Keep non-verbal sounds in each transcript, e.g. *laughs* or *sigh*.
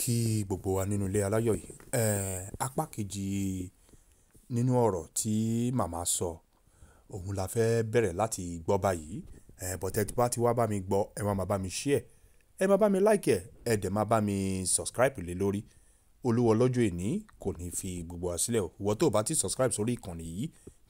kí gbogbo wa nínú ilé aláyọ̀ yìí. Eh, apá kejì nínú ọ̀rọ̀ tí màmá sọ, òun la fẹ́ bẹ̀rẹ̀ láti gbọ́ báyìí. Eh, but ẹ bá ti wá bá mi gbọ́, ẹ máa bá mi share, ẹ máa bá mi like ẹ̀, ẹ dẹ̀ máa bá mi subscribe lé lórí. Olúwa lọ́jọ́ èní kò ní fi gbogbo wa sílẹ̀ Ìwọ tó o bá ti subscribe sórí ìkànnì yìí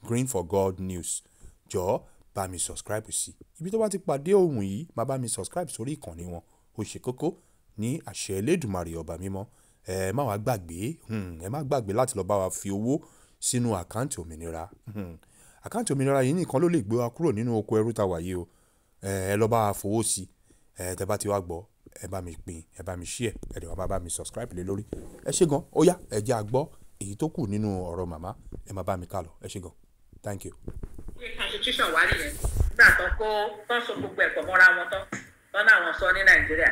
Green for God News, jọ̀ọ́ bá mi subscribe sí i. Ibi tó bá ti pàdé ohùn yìí, máa bá mi subscribe sórí ìkànnì wọn. Ó ṣe kókó ní àṣẹ Elédùmarè ọba mímọ́ ẹ má wàá gbàgbé hmm, ẹ má gbàgbé láti lọ bá wa fi owó sínú àkáǹtì òmìnira hmm, àkáǹtì òmìnira yìí nìkan ló lè gbé wa kúrò nínú oko ẹrú tá wà yìí o ẹ lọ bá wa fowó sí ẹ tẹ bá ti wá gbọ́ ẹ bá mi pín ẹ bá mi share ẹ dẹ̀ wá bá mi subscribe lé lórí ẹ ṣé gan ó yá ẹ jẹ́ a gbọ́ èyí tó kù nínú ọ̀rọ̀ màmá ẹ má bá mi kà ẹ ṣé gan thank you. ṣé constitution wà nìyẹn nígbà tó kó tó so gbogbo ẹ̀kọ́ mọ́ra wọn tán tán náà wọ́n sọ ní nàìjíríà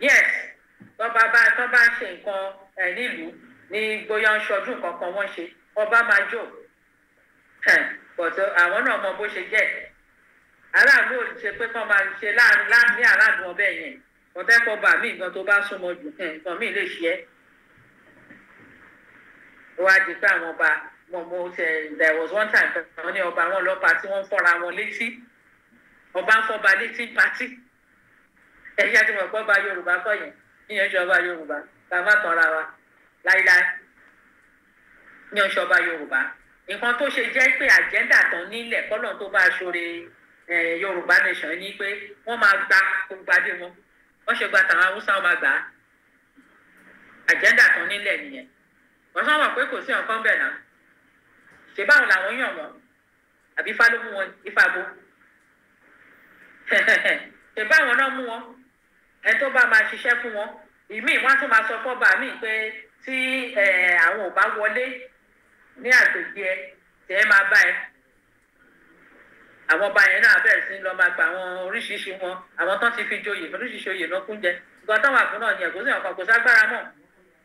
yes tọ́ba bá tọ́ba ṣe nǹkan ẹ̀ nílùú ní gbóyà ń ṣọdún kankan wọ́n ṣe ọba máa jó pọ̀tọ́ àwọn náà mọ bó ṣe jẹ́ aráàlú ò ṣe pé kọ́ máa ṣe láàmì aráàlú ọbẹ̀ yẹn ọ̀tẹ́kọ̀ bà mí nǹkan tó bá súnmọ́ jù nǹkan mí lè ṣe é wá di pé àwọn ọba wọn mo ṣe there was one time kan ní ọba wọn lọ́pàá tí wọ́n ń fọ́ra wọn létí ọba ń fọ́ba létí pátí ẹ ṣe àti mọ̀pọ̀ ọba yorùbá kọ́ yẹn yíyan ṣe ọba yorùbá ká má tanra wa láíláí yíyan ṣe ọba yorùbá nǹkan tó ṣe jẹ́ pé àjẹ́ndà tán nílẹ̀ kọ́lọ́n tó bá aṣọre yorùbá nation ni pé wọ́n máa gba gbogbo adé wọn wọ́n ṣe gba tàwọn haúsá wọn máa gbà á àjẹ́ndà tán nílẹ̀ nìyẹn wọ́n sọ wọn pé kò sí ọ̀kan bẹ̀ náà ṣe báwo làwọn yàn wọ́n àbí ifá wọn ifá *laughs* ṣe báwọn náà mú wọn ẹni tó bá máa ṣiṣẹ́ fún wọn ìmíì wọn á tún máa sọ fọ́ba míì pé tí àwọn ò bá wọlé ní àgbègbè ẹ tẹ́ ẹ máa bá ẹ àwọn ọba yẹn náà bẹ̀rẹ̀ sí lọ máa gba àwọn oríṣiríṣi wọn àwọn tán ti fi joyè oríṣiríṣi oyè náà kúnjẹ nǹkan táwọn àbúrò náà ní ẹ̀kọ́ sí ọ̀kan kò ságbára mọ̀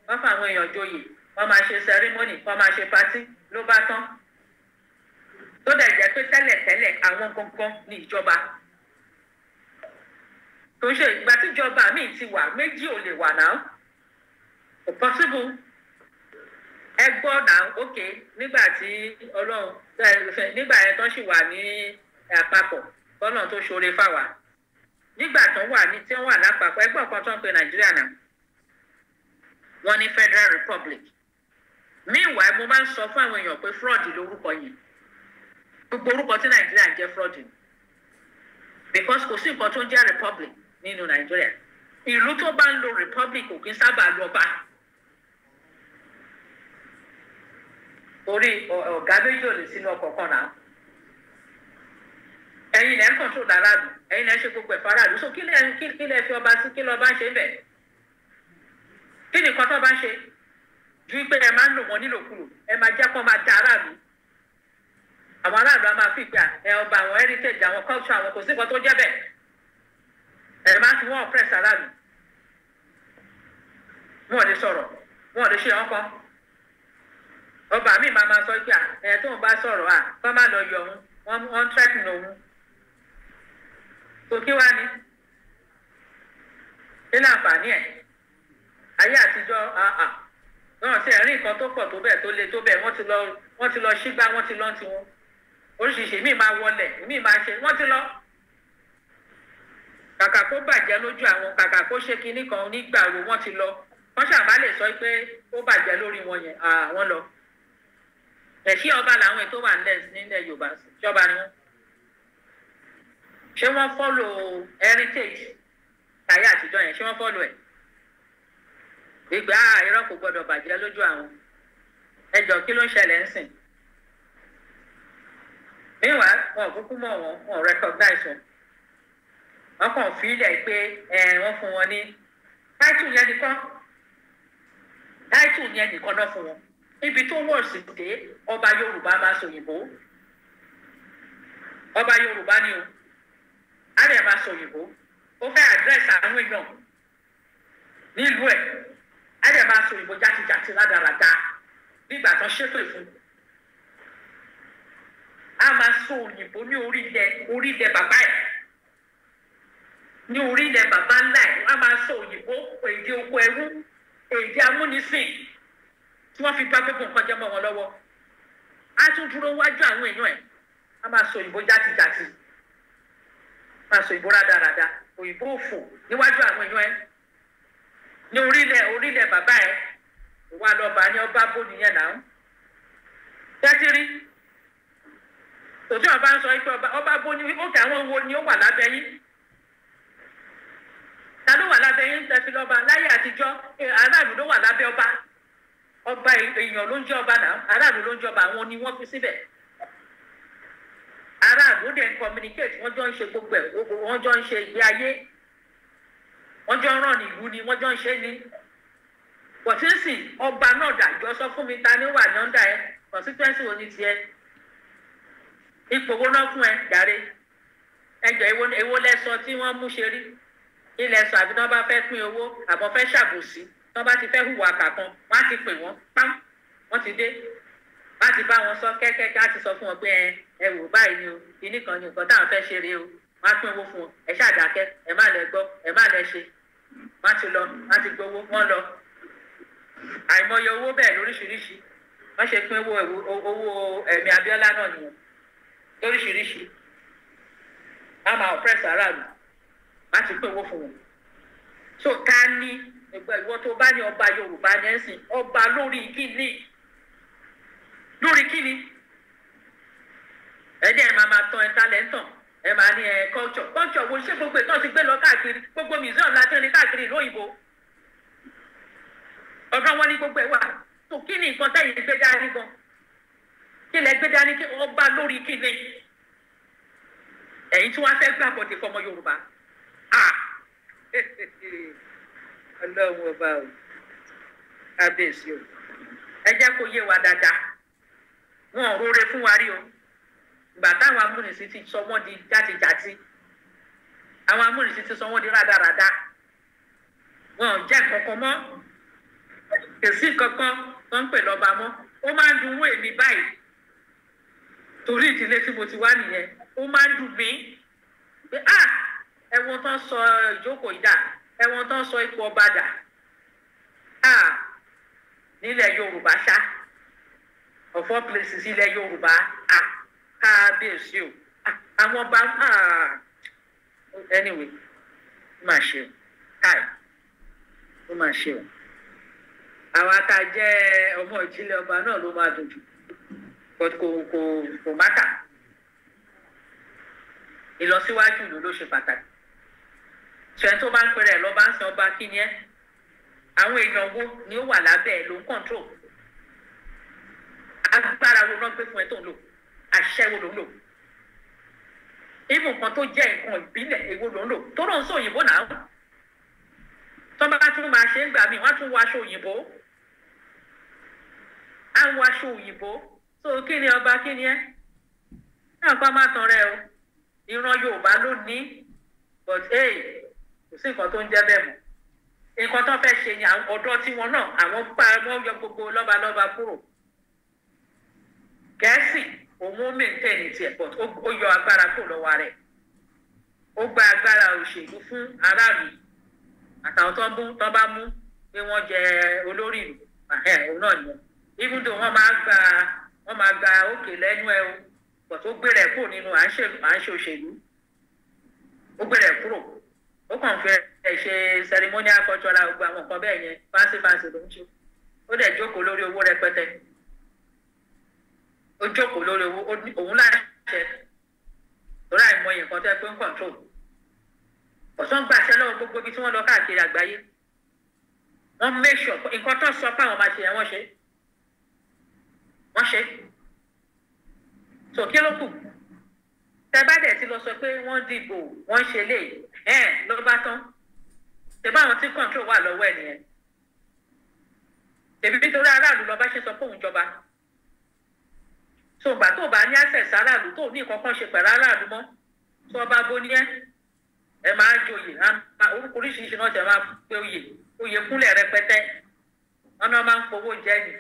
wọ́n fa àwọn èèyàn joyè wọ́n máa ṣe sẹrímọ́nì wọ́n máa ṣe patí ló bá tán tó dẹ̀ jẹ́ pé tẹ́lẹ̀tẹ́lẹ̀ àwọn gangan ní ìjọba kò ṣe ìgbà tíjọba mi ti wà méjì ò lè wà náà kò possible ẹ gbọ́ náà ok nígbà tí ọlọ́run nígbà yẹn tán sì wà ní àpapọ̀ kọ́nà tó ṣoore fáwa nígbà tán wà ní tí wọ́n wà lápapọ̀ ẹgbọ́n kan tó ń pe nàìjíríà náà wọ́n ní federal republic meanwhile mo máa ń sọ fún àwọn èèyàn pé fraud lórúkọ yẹn gbogbo orúkọ tí nàìjíríà ń jẹ́ fraud because kò sí nǹkan tó ń jẹ́ republic nínú nàìjíríà ìlú tó bá ń lo republic kò kí ń sábà orí ọ̀gá méjì ò lè sínú ọkọ̀ kan náà ẹ̀yin lẹ́ ń control dáradù ẹ̀yin lẹ́ ṣe gbogbo ẹ̀fọ́ faradù so kí lẹ́ ọba sí kí ṣe kí nìkan tó bá ṣe ju ẹ da aráàlú àwọn aráàlú á máa fi ọba àwọn heritage àwọn culture àwọn kò sí nǹkan ẹ̀rọ máa ń fi wọ́n ọ̀pẹ́rẹ́sì aráàlú wọn ò lè sọ̀rọ̀ wọn ò lè ṣe ọkọ ọba mi máa ma sọ pé à ẹ̀ tó ń bá sọ̀rọ̀ à kọ́ má lọ yọ òun wọ́n ń tẹ́kùn òun kò kí wá ní kí ní àǹfààní ẹ̀ ayé àtijọ́ náà sí ẹ̀rí nǹkan tó pọ̀ tó bẹ́ẹ̀ tó le tó bẹ́ẹ̀ wọ́n ti lọ wọ́n ti lọ ṣígbá wọ́n ti lọ́ tiwọn oríṣiríṣi míì máa wọlé míì máa ṣe wọ́n ti lọ kàkà kó bàjẹ́ lójú àwọn kàkà kó ṣe kinní kan nígbà wo wọ́n ti lọ wọ́n ṣàbá lè sọ pé ó bàjẹ́ lórí wọn yẹn àwọn lọ ẹ̀ṣí ọba làwọn ètò wà nílẹ̀ nílẹ̀ Yorùbá ṣọba ni wọ́n ṣé wọ́n fọ́lò heritage tàyà àtijọ́ yẹn ṣé wọ́n fọ́lò ẹ̀ gbígbà irọ́ kò gbọ́dọ̀ bàjẹ́ lójú àwọn ẹjọ́ kí ló ń ṣẹlẹ̀ ń sìn meanwhile wọn kúkú mọ̀ wọn wọn recognize wọn wọn kàn fi ilẹ̀ pé wọ́n fún wọn ní táìtù yẹn nìkan táìtù yẹn nìkan náà fún wọn níbi tó wọ̀ sí dé ọba Yorùbá máa sọ òyìnbó ọba Yorùbá ni o á lè máa sọ òyìnbó ó fẹ́ àdírẹ́sì àwọn èèyàn nílùú ẹ̀ á lè máa sọ òyìnbó jákèjádé ládàradà nígbà tán ṣètò ìfún a máa sọ òyìnbó ní orí ilẹ̀ bàbá ẹ̀ ní orílẹ̀ bàbá ńlá ẹ̀ wọ́n á máa sọ òyìnbó èdè oko ẹrú èdè amúnisìn tí wọ́n fi gbá gbogbo nǹkan jẹ́ mọ́ wọn lọ́wọ́ á tún dúró wájú àwọn èèyàn ẹ̀ á máa sọ òyìnbó játijàti máa sọ òyìnbó rádaràda òyìnbó òfò níwájú àwọn èèyàn ẹ̀ ní orílẹ̀ orílẹ̀ bàbá ẹ̀ wà lọ́ba ní ọba bó nìyẹn náà tẹ́tírí tòjú ọba ń sọ pé ọba bó ni ó àwọn wo ni ó wà lábẹ́ yín ta ló wà lábẹ́ yín tẹ́ fi lọ́ba láyé àtijọ́ eh, aráàlú ló wà lábẹ́ ọba ọba èèyàn ló ń jẹ́ ọba náà aráàlú ló ń jọba àwọn ni wọ́n fi síbẹ̀ aráàlú dẹ̀ ń communicate wọ́n jọ ń ṣe gbogbo ẹ̀ wọ́n jọ ń ṣe ìgbé ayé wọ́n jọ ń ràn ní ìlú ni wọ́n jọ ń ṣe ni kọ̀tíǹsì ọba náà dàjọ́ sọ fún mi ta ni wà ní ọ̀ndà ẹ constituency wo ni tiẹ̀ ipò wo náà fún ẹ jàre ẹjọ èwo lẹsọ tí wọ́n mú ṣe rí ilẹ̀ sọ àbí tí wọ́n bá fẹ́ pín owó àbọ̀ fẹ́ ṣàbòsí tí wọ́n bá ti fẹ́ hùwà kàkan wọ́n á ti pè wọ́n pam wọ́n ti dé wọ́n á ti bá wọn sọ kẹ́kẹ́kẹ́ á ti sọ fún wọn pé ẹ wò báyìí ni o kinní kan ni nǹkan táwọn fẹ́ ṣe rèé o wọ́n á pín owó fún wọn ẹ ṣàdákẹ́ ẹ má lẹ gbọ́ ẹ má lẹ ṣe wọ́n á ti lọ wọ́n á ti gbowó wọ́n lọ àìmọye owó bẹ́ẹ̀ lóríṣiríṣi wọ́n ṣe pín owó ẹ̀mí Abíọ́lá náà nìyẹn lóríṣiríṣi wọ́n máa ọ̀pẹ́sì aráàlú láti pé owó fún wọn so ta ni ẹgbẹ́ ìwọ tó bá ní ọba yorùbá ní ẹ̀sìn ọba lórí kíni lórí kíni ẹ̀dẹ̀ ẹ̀ máa máa tan ẹ̀ta lẹ́ńtàn ẹ̀ máa ní ẹ̀ culture culture wo ṣé gbogbo ìtàn ti gbé lọ káàkiri gbogbo museum láti rìn káàkiri ìlú òyìnbó ọ̀gá wọn ní gbogbo ẹ̀ wà tó kí ni nǹkan tẹ̀yìn gbé dání gan kí lẹ gbé dání kí ọba lórí kíni ẹ̀yin tí wọ́n fẹ́ gbàgbọ́dé fọmọ yorùbá. *laughs* ọlọ́run ọba o kábíyèsí o ẹ jẹ́ kó yé wa dáadáa wọn ò rore fún wa rí o ìgbà táwọn amúnisìn ti sọ wọ́n di játijàti àwọn amúnisìn ti sọ wọ́n di rádaràda wọn ò jẹ́ kankan mọ́ èsì kankan wọ́n ń pè lọ́ba mọ́ ó máa ń dunwó èmi báyìí torí ìdílé tí mo ti wá nìyẹn ó máa ń dùn mí pé ah ẹ̀wọ̀n tán sọ ìjókòó yìí dà ẹ̀wọ̀n tán sọ ipò ọba dà á nílẹ̀ yorùbá ṣá of all places ilẹ̀ yorùbá á kábíyèsí o àwọn ọba anyway ó mà ṣe o káì ó mà ṣe o àwọn atajẹ ọmọ ìjìnlẹ̀ ọba náà ló máa dùn jù kò kò kò má kà ìlọsíwájú ìlú ló ṣe pàtàkì ṣẹ́ni tó bá ń pẹ́rẹ́ lọ́ba ń san ọba kí ni ẹ́ àwọn èèyàn wo ni ó wà lábẹ́ ẹ̀ ló ń kọ́ńtró agbára wo náà gbé fún ẹ tó ń lò àṣẹ wo ló ń lò ibù kan tó jẹ́ nǹkan ìbílẹ̀ èwo ló ń lò tó lóun sọ òyìnbó náà tó bá tún máa ṣe ń gbà mí wọ́n tún wọ aṣọ òyìnbó á wọ aṣọ òyìnbó tó kí ni ọba kí ni ẹ́ náà kó a má tan rẹ o ìran Yorùbá ló ní but hey kò sí nǹkan tó ń jẹ́ bẹ́ẹ̀ mọ́ nǹkan tó fẹ́ ṣe ni ọ̀dọ́ tiwọn náà àwọn pa wọ́n yọ gbogbo lọ́balọ́ba kúrò gẹ̀ẹ́sì òun ó mẹ́ntẹ́ẹ̀nì tiẹ̀ pọ̀ ó yọ agbára kúrò lọ́wọ́ rẹ̀ ó gba agbára òṣèlú fún aráàlú àtàwọn tó ń bú tó bá mú pé wọ́n jẹ olórí ìlú òun náà nìyẹn even though wọ́n máa gba wọ́n máa gba òkè lẹ́nu ẹ̀ o pọ̀ tó gbé rẹ̀ kúrò nínú à ń ṣe òṣèlú ó gbé rẹ̀ kúrò ó kàn fẹ́ ṣe ceremonial cultural gbogbo àwọn nǹkan bẹ́ẹ̀ yẹn fancy fancy ló ń ṣe ó dẹ̀ jókòó lórí owó rẹpẹtẹ ó jókòó lórí owó òun láì ṣe lórí àìmọye nǹkan tẹ́ pé ń control ọ̀sán gbàṣẹ lọ́wọ́ gbogbo ibi tí wọ́n lọ káàkiri àgbáyé wọ́n make sure nǹkan tó sọ fáwọn máa ṣe yẹn wọ́n ṣe wọ́n ṣe so kí ló kù tẹ bá dẹ̀ ti lọ sọ pé wọ́n dìbò wọ́n ṣe lè ẹ̀ ló bá tán tẹ̀bá àwọn tí control wà lọ́wọ́ ẹ̀ nìyẹn tẹ̀bí nítorí aráàlú lọ́ba ṣe sọ pé òun jọba so ìgbà tó bá ní access aráàlú tó ní nǹkan kan ṣe pẹ̀lú aráàlú mọ́ tó ọba bó ní ẹ ẹ máa joyè orúkọ oríṣiríṣi náà tẹ máa pé oyè oyè kúnlẹ̀ rẹpẹtẹ ọ̀nà máa ń fowó jẹ́ ni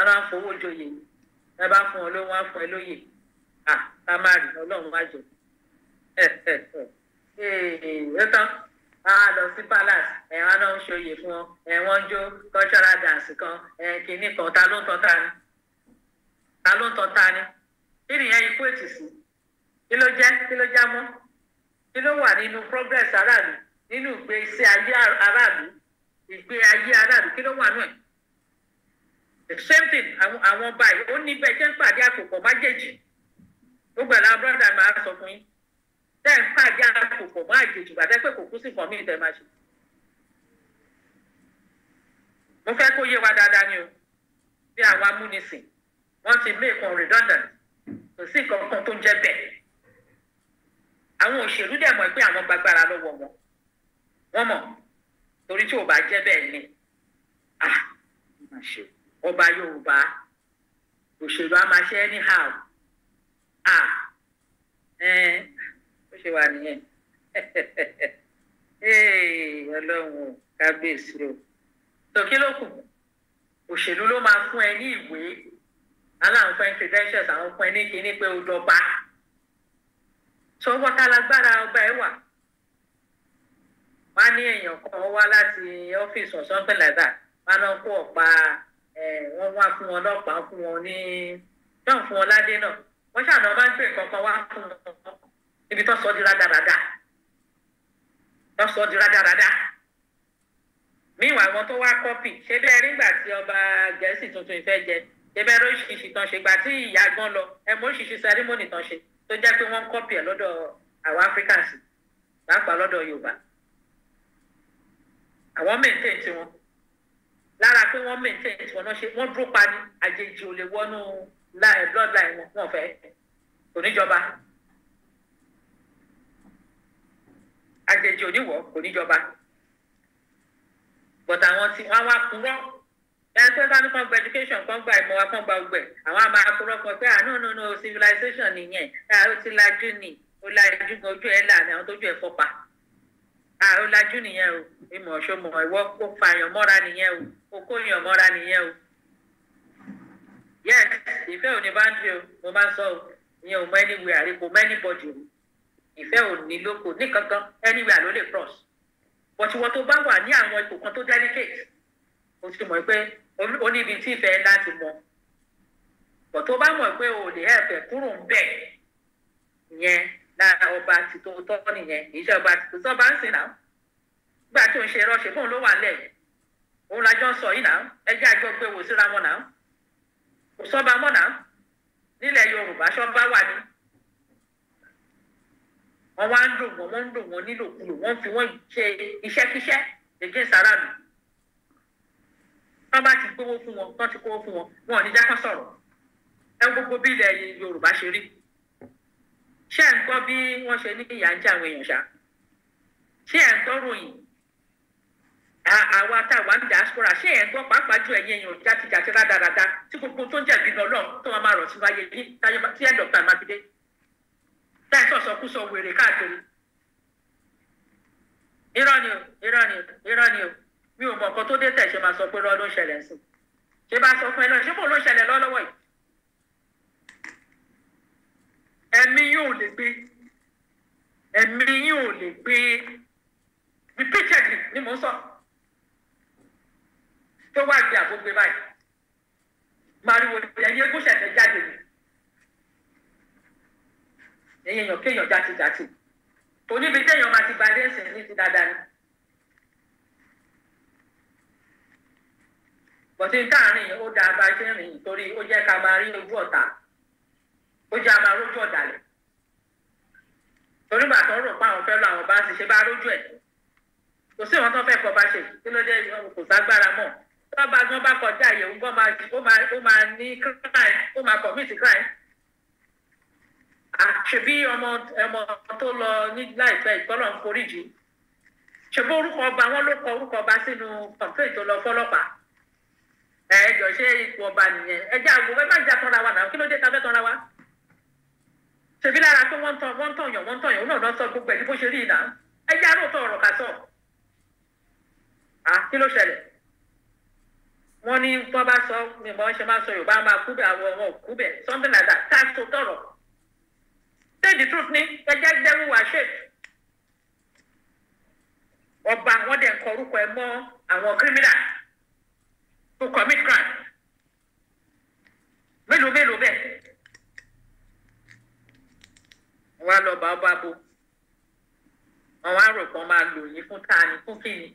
ọ̀nà máa ń fowó joyè ẹ bá fún ọ lówó wọn á fún ẹ lóyè ah a máa rí ọlọ́run wájú ẹ *laughs* tán a lọ sí palace ẹ wọn náà ń ṣòye fún ọ ẹ wọn ń jó cultural dance kan ẹ kìíní kan ta ló ń tọ́ ta ni ta ló ń tọ́ ta ni kí nìyẹn ikú ètì sí kí ló jẹ́ kí ló já mọ́ kí ló wà nínú progress aráàlú nínú ìgbésí ayé aráàlú ìgbé ayé aráàlú kí ló wà nù ẹ̀ same thing àwọn ọba yìí ó ní bẹ́ẹ̀ jẹ́ ń pàdé àpòpọ̀ májèjì gbogbo ẹ̀ làwọn brọ́dà máa sọ fún yín tẹ́ ń pàdé àkókò mọ́ àjèjì gbàtẹ́ pé kò kú sí nǹkan míì tẹ́ máa ṣe. mo fẹ́ kó yé wa dáadáa ni o bí àwọn amúnisìn wọ́n ti mé kan redundant kò sí nǹkan kan tó ń jẹ́ bẹ́ẹ̀. àwọn òṣèlú dẹ̀ mọ̀ pé àwọn gbàgbára lọ́wọ́ wọn wọ́n mọ̀ torí tí ò bá jẹ́ bẹ́ẹ̀ ni ah, ọba yorùbá òṣèlú á máa ṣe anyhow ó ṣe wà nìyẹn *laughs* ọlọ́run kábíyèsí o tó kí ló kù òṣèlú ló máa fún ẹ ní ìwé aláwọn fún ẹ credentials àwọn fún ẹ ní kíní pé o dọba sọwọ́ tá lágbára ọba ẹ wà wá ní èèyàn kan wá láti ọ́fíìsì or something like that wá náà kó ọ̀pá wọ́n wá fún wọn lọ́pàá fún wọn ní náà fún wọn ládé náà wọ́n ṣàná bá ń gbé nǹkan kan wá fún wọn ibi tó sọ di rádaràda tó sọ di rádaràda míwàá àwọn tó wá kọ́pì ṣé bẹ́ẹ̀ nígbà tí ọba gẹ̀ẹ́sì tuntun ìfẹ́ jẹ ṣé bẹ́ẹ̀ lóṣìṣì tán ṣe gbà tí ìyá gan lọ ẹ mọ òṣìṣì sẹrímọ́nì tán ṣe tó jẹ́ pé wọ́n kọ́pì ẹ̀ lọ́dọ̀ àwọn Africans pàápàá lọ́dọ̀ Yorùbá àwọn mẹ́ǹtẹ̀ tiwọn lára pé wọ́n mẹ́ǹtẹ̀ tiwọn náà ṣe wọ́n dúró pa ní àjèjì ò lè wọnú láì bloodline wọn wọn fẹ́ kò níjọba àjèjì oníwọ̀ kò níjọba but àwọn tí wọn wá kúrò ẹni tó bá ní kàn gba education kàn gba ìmọ̀ wa kàn gba ọgbẹ́ àwọn àmà akúrò kan pé àánú ah, no no civilization nìyẹn ah, ó ti lajú ni ó lajú gan ojú ẹ̀ là ní àwọn tójú ẹ̀ fọ́pa ah, ó lajú nìyẹn o ìmọ̀ ọ̀ṣọ́ mọ̀ ìwọ́ kó fààyàn mọ́ra nìyẹn o kó kóyàn mọ́ra nìyẹn o yes ìfẹ́ ò ní boundary o mo máa ń sọ o ìyẹn ò mọ anywhere àrí kò mọ anybody o ìfẹ́ ò ní lóko ní kankan anywhere ló lè cross but ìwọ tó bá wà ní àwọn ipò kan tó delicate o ti mọ̀ pé o ní ibi tí ìfẹ́ láti mọ but tó bá mọ̀ pé o lè ẹ̀fẹ̀ kúrò ń bẹ̀ yẹn lára ọba àti tó tọ́ nìyẹn ìṣe ọba àti tó tọ́ bá ń sìn náà gbà tí ò ń ṣe rọ́ọ̀ṣẹ̀ fóun ló wà lẹ̀ òun lájọ́ sọ yìí náà ẹjẹ́ àjọ gbé wò síra wọn náà kò sọ́ba mọ́nà nílẹ̀ yorùbá sọ́ba wà ní. wọ́n wá ń dùn wọ́n wọ́n ń dùn wọ́n nílòkulò wọ́n fi wọ́n ṣe iṣẹ́kíṣẹ́ ègé sàrànù. wọ́n bá ti gbówó fún wọn wọ́n ti kówó fún wọn wọn ò ní jákọ́ sọ̀rọ̀ ẹ gbogbo bí ilẹ̀ yorùbá ṣe rí. ṣé ẹ̀ ń gbọ́ bí wọ́n ṣe ní ìyà ń jẹ àwọn èèyàn ṣá ṣé ẹ̀ ń gbọ́ àwa tá a wà ní diaspora ṣé ẹ̀ ń gbọ́ pàápàá ju ẹ̀yin èèyàn jàtijàti rádaràda tí gbogbo tó ń jẹ̀bi lọ lọ́run tó máa rọ̀ síwá yé yín tí ẹ̀ dọ̀tà mákindé táyà sọ̀sọ̀ kú sọ wèrè káàkiri. irọ́ ni o irọ́ ni o irọ́ ni o mi ò mọ nǹkan tó dé tẹ̀ ṣe máa sọ pé lọ́ ló ń ṣẹlẹ̀ sí ṣé bá sọ fún ẹ lọ́nà ṣé kò ló ń ṣẹlẹ̀ lọ́wọ́ yìí tó wá gbé àgbógbé báyìí màríwò ẹ̀yìn egún ṣẹ̀ṣẹ̀ jáde ni ẹ̀yìn èèyàn kéèyàn játijàti kò níbi téèyàn máa ti gbadé ẹ̀sìn ní ti dáadáa ni. bọ̀tí káàárín ó dáa bá rìn torí ó jẹ́ ká máa rí ojú ọ̀tá ó jẹ́ a rójú ọ̀dàlẹ̀ torí bàtọ́ rò pé àwọn fẹ́ àwọn bá ṣe ṣe bá rójú ẹ̀ kò sí ìwọ̀n tó fẹ́ kọ́ bá ṣe kí ló dé kò ságbára mọ́ tọ́ba gan bá kọjá àyẹ̀wò gan máa ó máa ní crime ó máa commit crime àṣebí ọmọ ọmọ tó lọ ní láìpẹ́ ìgbọ́lọ̀ ń foríjì ṣebí orúkọ ọba wọn ló kọ orúkọ ọba sínú complaint tó lọ fọ́lọ́pàá ẹ jọ ṣe ipò ọba nìyẹn ẹ jẹ́ àgbo ẹ má jà tán ra wa náà kí ló dé ta fẹ́ tán ra wa ṣebí lára pé wọ́n ń tàn wọ́n ń tàn yàn wọ́n ń tàn yàn òun náà lọ sọ gbogbo ẹ̀ ní bó ṣe rí ìlà ẹ jẹ́ àròtọ̀ ọ̀rọ̀ kà sọ kí ló ṣẹlẹ̀ wọ́n ní tó bá sọ nígbà wọ́n ṣe máa sọ yorùbá máa kú bẹ àwọn ọmọ òkú bẹ something like that tax tó tọrọ say the truth ni ẹjẹ gbẹrù wá shape ọba wọ́n dẹ̀ ń kọ orúkọ ẹ̀ mọ́ àwọn criminal to commit crime mélòó mélòó bẹ́ẹ̀ wọ́n á lọ bá ọba bo àwọn àròkàn máa lò yín fún tani fún kíni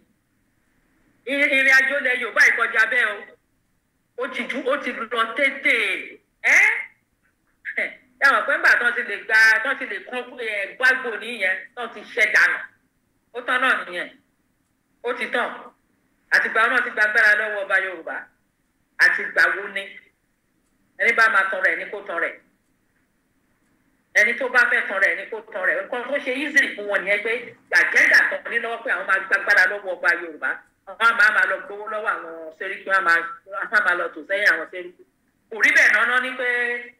ìrìn àjò ilẹ̀ Yorùbá ìkọjá bẹ́ẹ̀ o ó ti ju ó ti lọ tètè ẹ́ yàrá *laughs* pé ńgbà tán ti lè gba tán ti lè kún gbágbó nìyẹn tán ti ṣẹ́ dànù ó tán náà nìyẹn ó ti tán àtìgbà náà ti gbàgbára lọ́wọ́ ọba Yorùbá àtìgbà wo ni ẹni bá máa tan rẹ̀ ní kó tan rẹ̀ ẹni tó bá fẹ́ tan rẹ̀ ní kó tan rẹ̀ nǹkan tó ṣe easy fún wọn nìyẹn pé àjẹ́ńdà kan ní lọ́wọ́ àwọn máa gbàgbára lọ́wọ́ ọba Yorùbá wọn máa máa lọ gbowó lọ́wọ́ àwọn sẹ́ríkì wọn máa máa lọ tò sẹ́yìn àwọn sẹ́ríkì kò rí bẹ́ẹ̀ náà ní pé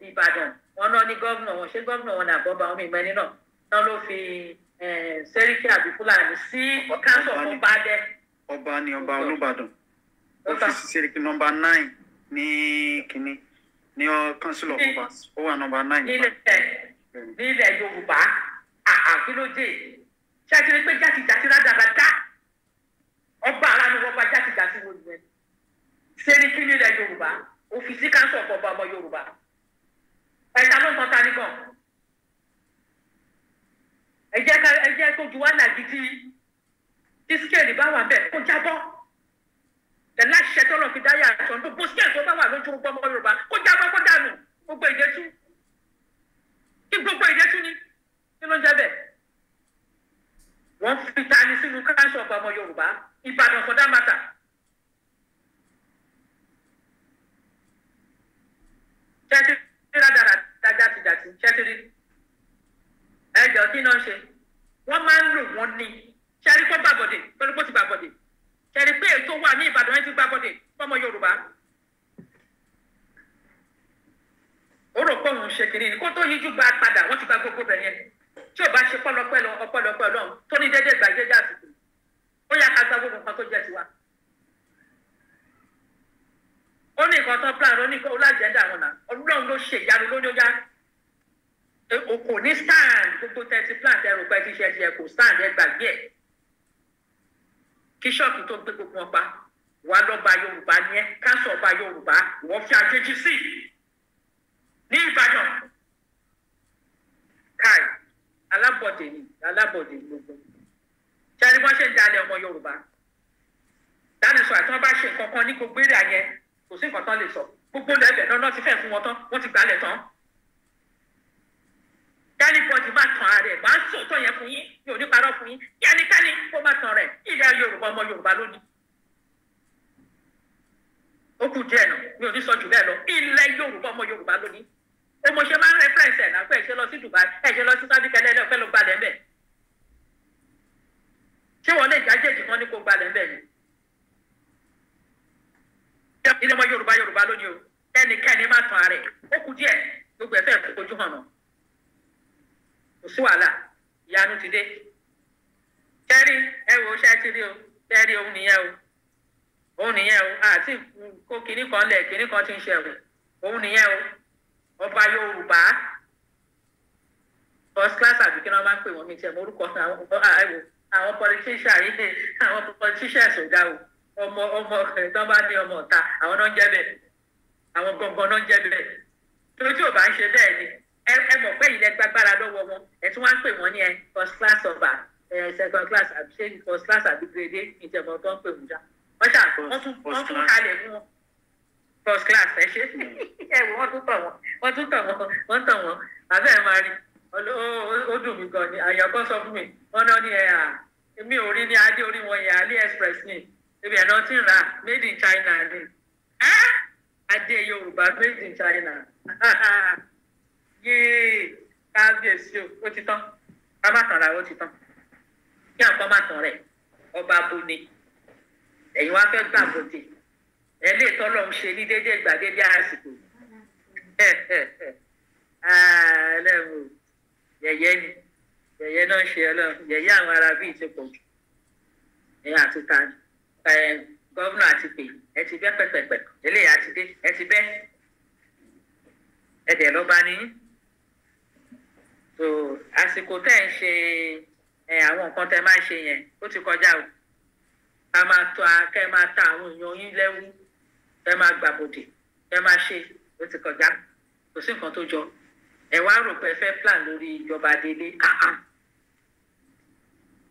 ìbàdàn wọn náà ní gómìnà wọn ṣé gómìnà wọn náà bọ́ba omi ìmọ̀ ẹni náà náà ló fi sẹ́ríkì àbí fúlàní sí káńsọ̀ fún bàdẹ́. ọba ni ọba olúbàdàn ọfíìsì sẹ́ríkì nọmba nine ní kínní ní council of ọba ó wà nọmba nine. nílẹ̀ nílẹ̀ yorùbá àkílódé ṣáà ti rí pé jákèjádé rádaràdá ọba ara ni wọ́n gba jákèjádé wọn yẹn sẹ́ni kí nílẹ̀ yorùbá òfìsí káńsọ̀ ọ̀pọ̀ ọmọ yorùbá ẹ̀ta ló ń tọ́ta nígbọ̀n ẹ̀jẹ̀ tó ju wá nàgídí tí scale bá wà bẹ́ẹ̀ kó jábọ́ tẹ̀lá ṣiṣẹ́ tó lọ fi dáyà àṣọ gbogbo scale tó bá wà lójú ọmọ yorùbá kó jábọ́ kó dànù gbogbo ìdẹ́tú kí gbogbo ìdẹ́tú ni kí ló ń jẹ́ bẹ́ẹ̀ wọ́n fi tani sínú káńsọ̀ ọkùnrin tó bá ní ọmọ ọ̀tá àwọn náà ń jẹ́ bẹ́ẹ̀ àwọn gangan náà ń jẹ́ bẹ́ẹ̀ torí tí ò bá ń ṣe bẹ́ẹ̀ ni ẹ mọ̀ pé ilẹ̀ gbàgbára lọ́wọ́ wọn ẹ̀ tí wọ́n ń pè wọ́n ní ẹ first class ọba ẹ second class àbí ṣé first class àbí grade ìjẹ̀mọ̀ tó ń pè wọ́n já wọ́n ṣà wọ́n tún kalẹ̀ fún wọn first class ẹ ṣe hmm. ẹ wọ́n tún tọ̀ wọ́n wọ́n tún tọ̀ wọ́n wọ́n tọ̀ wọ́n àbẹ́ máa rí ó dùn mí gan ni àyànkọ́ sọ fún mi wọ́n náà ní ẹ̀ à mi ò rí ní adé orí wọn yẹn AliExpress ni ebi àná tí ń made in China eh? adé ah! Yorùbá made in China yéé kábíyèsí o ó ti tán kí ọba bo *laughs* ah, ni ẹ̀yin wá fẹ́ gbàgbọ́dé ẹ lè tọ́lọ̀ ṣe ní déédéé ìgbà déédéé àsìkò ẹlẹ́rù yẹ̀yẹ́ ni yẹ̀yẹ́ náà ṣe ọlọ́run gọ́vnà àti pè ẹ ti bẹ́ ele eléyà ti dé ẹ ti bẹ́ ẹ dẹ̀ ló bá ní. so àsìkò tẹ́ ń ṣe àwọn nǹkan tẹ́ máa ń ṣe yẹn ó ti kọjá o a máa tọ́ a kẹ́ ẹ máa ta àwọn èèyàn yín lẹ́wù kẹ́ ẹ máa gbàbòdè kẹ́ ẹ máa ṣe ó ti kọjá kò sí nǹkan tó jọ ẹ wá rò pé fẹ́ plan lórí ìjọba délé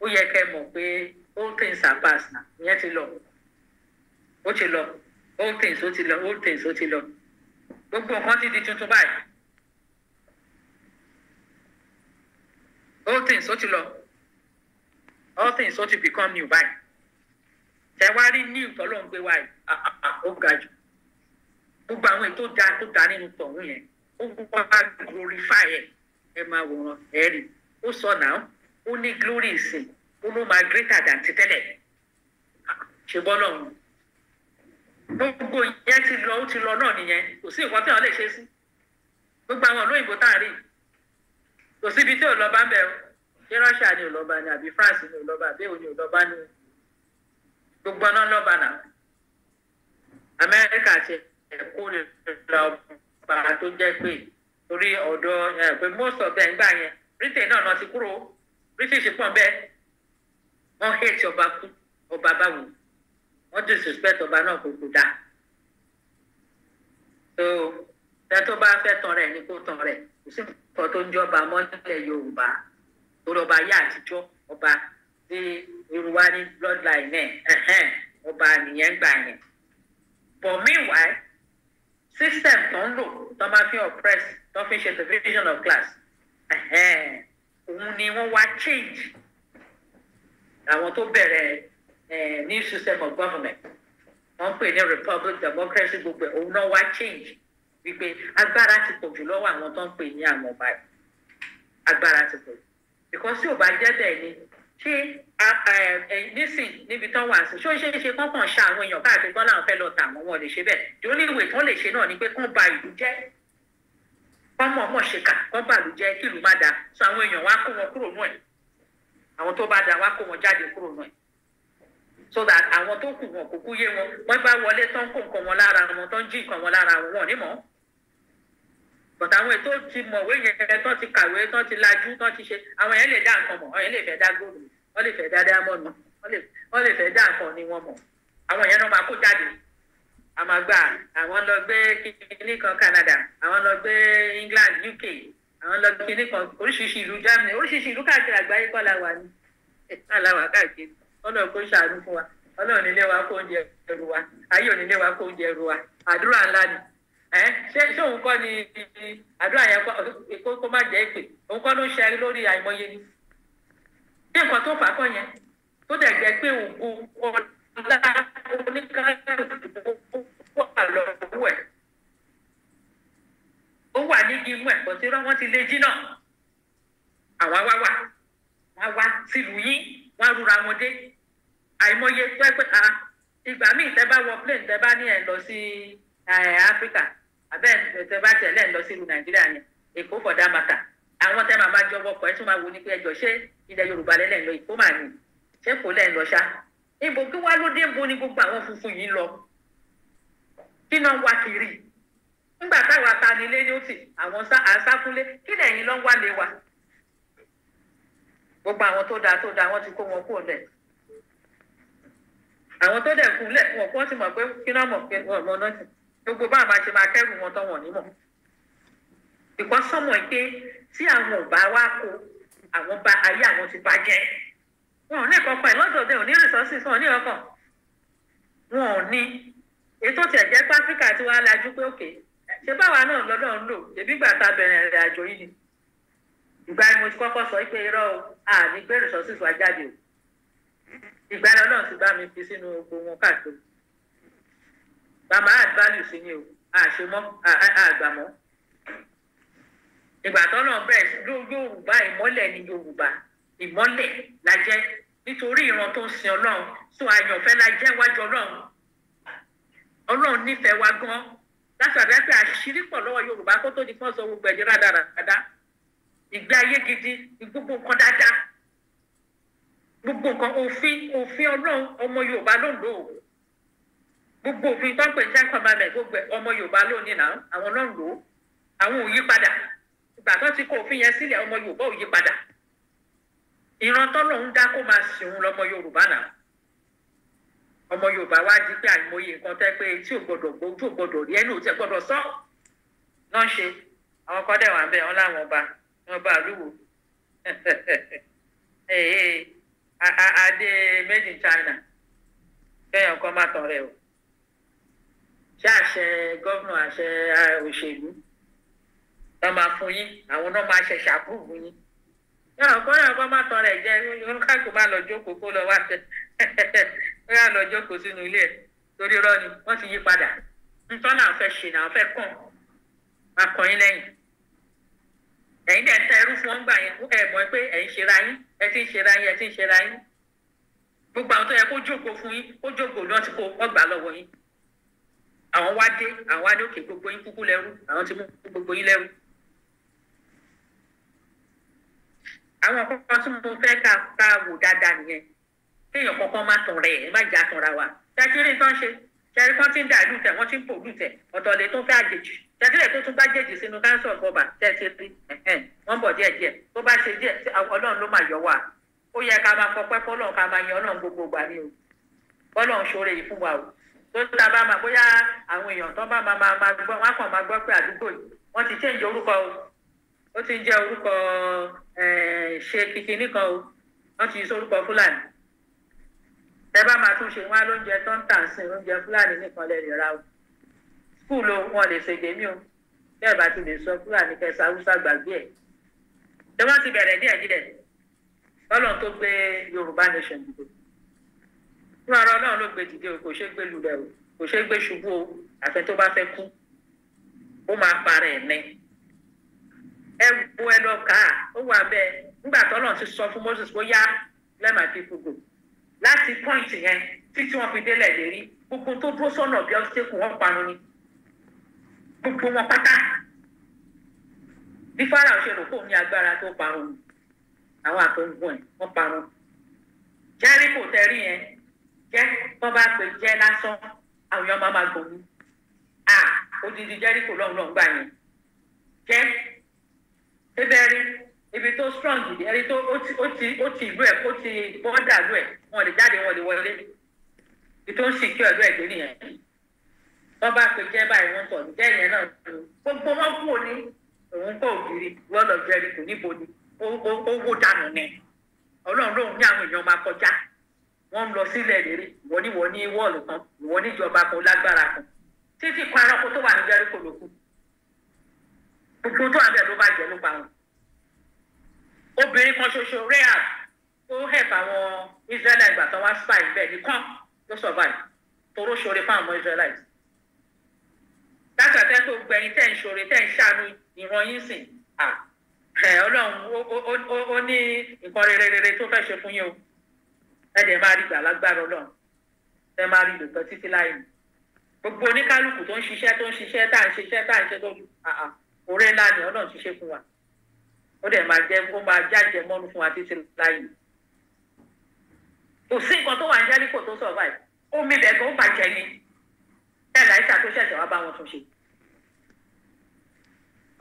ó yẹ kẹ́ mọ̀ pé. all things are past na nye ti lọ ó ti lọ all things ó ti lọ all things ó ti lọ gbogbo nǹkan ti di tuntun báyìí all things ó ti lọ all things ó ti become new báyìí tẹ wá rí new tọ́lọ́ ń gbé wá yìí ah, ah, ah, ó ga jù gbogbo àwọn ètò da tó da nínú tọ̀hún yẹn ó wá glorify ẹ̀ ẹ máa wòran ẹ̀ rí ó sọ náà ó ní glory ìsìn. ó ló máa greater than ti tẹ́lẹ̀ ṣe bọ́ lọ́hùn gbogbo yẹn ti lọ ó ti lọ náà nìyẹn kò sí nǹkan tí wọn lè ṣe sí gbogbo àwọn olóyìnbó tá a rí kò síbi tí ò lọ bá ń bẹ o ṣé Russia ni ò lọ bá ni àbí France ni ò lọ bá àbí òun ni ò lọ bá ni gbogbo ọ̀nà lọ́ba nà Amẹ́ríkà ti ẹ̀kọ́ lè lọ bá a tó jẹ́ pé torí ọ̀dọ́ ẹ̀ pé most of them gbà yẹn Britain náà lọ ti kúrò British pọ̀ bẹ́ẹ̀ wọ́n hate ọba kú ọba báwo wọ́n disrespect ọba náà kò kò dáa so tẹ́tọ́ bá fẹ́ tán rẹ̀ ní kó tán rẹ̀ kò sí nǹkan tó ń jẹ́ ọba mọ́ Yorùbá torí ọba yá àtijọ́ ọba tí Yorùbá ní bloodline náà ọba nìyẹn gbà yẹn but meanwhile system tó ń lò tó máa fi oppress tó fi ṣe division of class òun ni wọ́n wá change àwọn tó bẹ̀rẹ̀ new system of government wọ́n pè ní republic democracy gbogbo òun náà wá change wípé agbára ti pọ̀ jù lọ́wọ́ àwọn tó ń pè ní àwọn ọba yìí agbára ti pọ̀ jù because tí ò bá jẹ́ bẹ́ẹ̀ ni ṣé nísìn níbi tán wà sí ṣó ṣe é ṣe kán kàn ṣá àwọn èèyàn káàkiri kán láwọn fẹ́ lọ tà wọ́n wọn lè ṣe bẹ́ẹ̀ the only way tán lè ṣe náà ni pé kán ba ìlú jẹ́ kán mọ̀ọ́mọ̀ ṣe kà kán bàlú jẹ́ kí ìlú má dáa so àwọn èèyàn wá kó wọn kúrò náà àwọn tó bá dà wá kó wọn jáde kúrò náà so that àwọn tó kù wọn kò kú yé wọn wọn bá wọlé tán kó nǹkan wọn lára wọn tán jí nǹkan wọn lára wọn wọn but àwọn ètò ti mọ̀wé yẹn tán ti kàwé tán ti lajú tán ti ṣe àwọn yẹn lè dá nǹkan mọ̀ àwọn yẹn lè fẹ́ dá góòlù wọn lè fẹ́ dá dámọ̀nù wọn lè fẹ́ dá nǹkan ni wọn mọ̀ àwọn yẹn náà máa kó jáde àmàgbà àwọn lọ gbé kíní kan Canada àwọn lọ gbé England UK àwọn lọ kí ní kan oríṣiríṣi ìlú Germany oríṣiríṣi ìlú káàkiri àgbáyé kọ́ la wà ní náà la wà káàkiri ọlọ́run kó ṣàánú fún wa ọlọ́run nílé wa kó oúnjẹ ni ṣé ṣé òun kọ́ ni àdúrà yẹn kó kó má jẹ́ òun kọ́ ló ni ṣé nǹkan tó fà á kọ́ yẹn tó dẹ̀ ó wà níbi imú ẹ̀kọ́ tí wọ́n ti lé jìnnà àwa wá wà wá wá sílùú yín wá rúra wọn dé àìmọye pẹ́pẹ́ a ìgbà míì tẹ́ bá wọ plane tẹ́ bá ní ẹ̀ lọ sí Áfíríkà abẹ́ tẹ́ bá tẹ̀lé ẹ̀ lọ sí Nàìjíríà yẹn Èkó for that matter àwọn tẹ́ máa bá jọ wọkọ̀ ẹ̀ tún máa wo ni pé ẹjọ́ ṣé ilẹ̀ Yorùbá lẹ́lẹ̀ lọ Èkó mà ní ṣé kò lẹ́ lọ ṣá ibo kí wá ló dé bo ni gbogbo àwọn funfun yìí lọ kí náà wá kiri nígbà táwa ta nílé ní òtì àwọn àṣàkúnlé kí lẹ́yìn lọ́n wálé wa gbogbo àwọn tó dáa tó dáa wọ́n ti kó wọn kúrò lẹ̀ àwọn tó dẹ̀ kúnlẹ̀ wọn kọ́ ti mọ̀ pé kí náà mọ̀ pé wọn mọ̀ náà ti gbogbo bá àbá ṣe máa kẹ́rù wọn tán wọn nímọ̀ ìkọ́ sọ́mọ̀ pé tí àwọn ò bá kó àwọn bá ayé àwọn ti bàjẹ́ wọn ò ní ìkọ̀kọ̀ ẹ̀ lọ́dọ̀ dẹ̀ ò ní ní ọkàn wọn ò ní ètò tẹ̀ jẹ́ pé áfíríkà ti lajú pé òkè ṣé báwa náà lọ́dọ̀ ń lò èmi gbà tá a bẹ̀rẹ̀ ìrìn àjò yìí ni ìgbà ni mo ti kọ́kọ́ sọ pé irọ́ o à ní gbé resources wa jáde o ìgbà ni ọlọ́run ti bá mi fi sínú gbogbo wọn káàkiri bàmá add value sí ni o àṣemọ́ àgbàmọ́ ìgbà tó náà bẹ̀rẹ̀ yorùbá ìmọ́lẹ̀ ni yorùbá ìmọ́lẹ̀ la jẹ́ nítorí ìran tó ń sin ọlọ́run tó àyànfẹ́ la jẹ́ wájú ọlọ́run ọlọ́run nífẹ̀ẹ́ wa gan-an láti àbí àti àṣírí pọ̀ lọ́wọ́ yorùbá kó tó di fún ọ̀sán gbogbo ẹ̀jẹ̀ rádaràdá ìgbé ayé gidi gbogbo nǹkan dáadáa gbogbo nǹkan òfin òfin ọlọ́run ọmọ yorùbá ló ń lò ó gbogbo òfin tó ń pè ní ten commandment gbogbo ọmọ yorùbá ló ní nà àwọn náà ń lò ó àwọn ò yí padà ìgbà tó ti kó òfin yẹn sílẹ̀ ọmọ yorùbá ò yí padà ìran tọ́lọ̀ dá kó máa sìn òun lọ́mọ yorùbá náà ọmọ yorùbá wá di pé àìmọye nǹkan tẹ́ pé tí ò gbọdọ̀ gbó tí ò gbọdọ̀ rí ẹnu tí ò gbọdọ̀ sọ náà ṣe àwọn kan wà ń wọn láwọn ọba wọn bá àlúwo adé made in China kẹ́yàn kan má tán rẹ̀ o ṣé àṣẹ gómìnà àṣẹ òṣèlú náà máa fún yín àwọn náà máa ṣẹ̀ṣẹ̀ àpúrùbù yín yàrá kọ́yàn kan má tán rẹ̀ jẹ́ oníkàkùn má lọ jókòó kó lọ wá ṣe *laughs* ó yà lọ jókòó sínú ilé ẹ̀ torí irọ́ ni wọ́n ti yí padà nítorí náà fẹ́ ṣe náà fẹ́ kàn akọ̀yìn lẹ́yìn ẹ̀yin dẹ̀ ń ta ẹrú fún wọn gbà yẹn ẹ mọ̀ pé ẹ̀ ń ṣera yín ẹ ti ń ṣera yín ẹ ti ń ṣera yín gbogbo àwọn tó yẹ kó jókòó fún yín kó jókòó náà ti kó ọgbà lọ́wọ́ yín àwọn wá dé àwọn wá dé òkè gbogbo yín kúkú lẹ́rú àwọn ti mú gbogbo yín lẹ́rú. àwọn kọ́kọ́ tí mo fẹ́ ká ká wò dáadáa nìyẹn kéèyàn kankan má tàn rẹ̀ má jà tàn ra wa ṣàkíyèrè nǹkan ṣe ṣàrí kan ti ń dà lùtẹ̀ wọ́n ti ń pò lùtẹ̀ ọ̀tọ̀ tó fẹ́ àjèjì ṣàkíyèrè tó tún bá jèjì sínú káńsọ̀ gọba tẹ̀sí rí wọ́n bọ̀ díẹ̀ díẹ̀ tó bá ṣe díẹ̀ ọlọ́run ló máa yọ wá ó yẹ ká máa fọpẹ́ fọlọ́run ká máa yan ọlọ́run gbogbo gbà ní o fọlọ́run ṣoore yìí fún wa o tó ta bá máa bóyá àwọn èèyàn tó bá máa máa gbọ́ wọn á kàn máa gbọ́ pé ẹ bá máa tún ṣe wá lóúnjẹ tó ń tà ń sìn oúnjẹ fúlàní nìkan lè rà o skul o wọn lè ṣègbè mí o bẹ́ẹ̀ bá ti lè sọ fúlàní kẹsà haúsá gbàgbé ẹ̀ ṣé wọ́n ti bẹ̀rẹ̀ díẹ̀ díẹ̀ ọlọ́run tó gbé yorùbá nation dìde fún ara ọlọ́run ló gbé dìde o kò ṣeé gbé lulẹ̀ o kò ṣeé gbé ṣubú o àfẹ tó bá fẹ́ kú ó máa para ẹ̀ ní ẹ wo ẹ lọ kà á ó wà bẹ́ẹ̀ nígbà tọ́lọ́run ti sọ fún Moses bóyá let my people go láti point yẹn títí wọn fi délẹ̀ lérí gbogbo tó dúró sọ́nà bí ọ́sẹ́kù wọn parun ni gbogbo wọn pátá bí Fáráò ṣe rò kó ní agbára tó parun àwọn àtọ̀gbọ̀n ẹ̀ wọ́n parun Jẹ́ríkò tẹ̀rí yẹn jẹ́ wọ́n bá pè jẹ́ lásán àwọn èèyàn máa máa gbòmù à odidi Jẹ́ríkò lọ́nà gbà yẹn jẹ́ ebẹ́rí ibi tó strong yìí ẹni tó ó ti ó ti ó ti ìlú ẹ ó ti bọ́dà ìlú ẹ wọn lè jáde wọn lè wọlé ibi tó ń ṣe kí ọ̀dọ́ ẹ̀ dé nìyẹn wọ́n bá pe jẹ́ báyìí wọ́n sọ jẹ́ ìyẹn náà gbogbo wọn kú òní òun kò ògiri lọ́dọ̀ jẹ́rìí kò níbo ni ó wó dànù ni ọlọ́run lóun ní àwọn èèyàn máa kọjá wọ́n ń lọ sílẹ̀ lérí ìwọ ní ìwọ ní wọ́ọ̀lù kan ìwọ ní ìjọba kan lágbára kan títí parako tó wà ní jẹ́rìí kò lókun gbogbo tó wà bẹ́ẹ̀ ló bá jẹ́ ló pa wọn obìnrin kan ṣoṣo rehab tó help àwọn israelite gbà tó wá spy bẹ́ẹ̀ nìkan ló survive toró ṣoore fún àwọn israelite látàtà tó gbẹ̀yìn tẹ̀ ń ṣoore tẹ̀ ń ṣàánú ìran yín sìn à ọlọ́run ó ní nǹkan rere rere tó fẹ́ ṣe fún yín o ẹ dẹ̀ máa rí gbà lágbára ọlọ́run ẹ máa rí lòtọ́ títí láì ní gbogbo oníkálukú tó ń ṣiṣẹ́ tó ń ṣiṣẹ́ tá à ń ṣiṣẹ́ tá à ń ṣe tó àà òré ńlá ni ọlọ́run ti ṣe fún wa ó dẹ̀ máa jẹ́ ó máa jáde mọ́nu fún wa títí láyé kò sí nǹkan tó wà ní jẹ́ríkò tó survive omi ibẹ̀ gan ó bàjẹ́ ni bẹ́ẹ̀ láìsà tó ṣẹ̀ṣẹ̀ wá bá wọn tún ṣe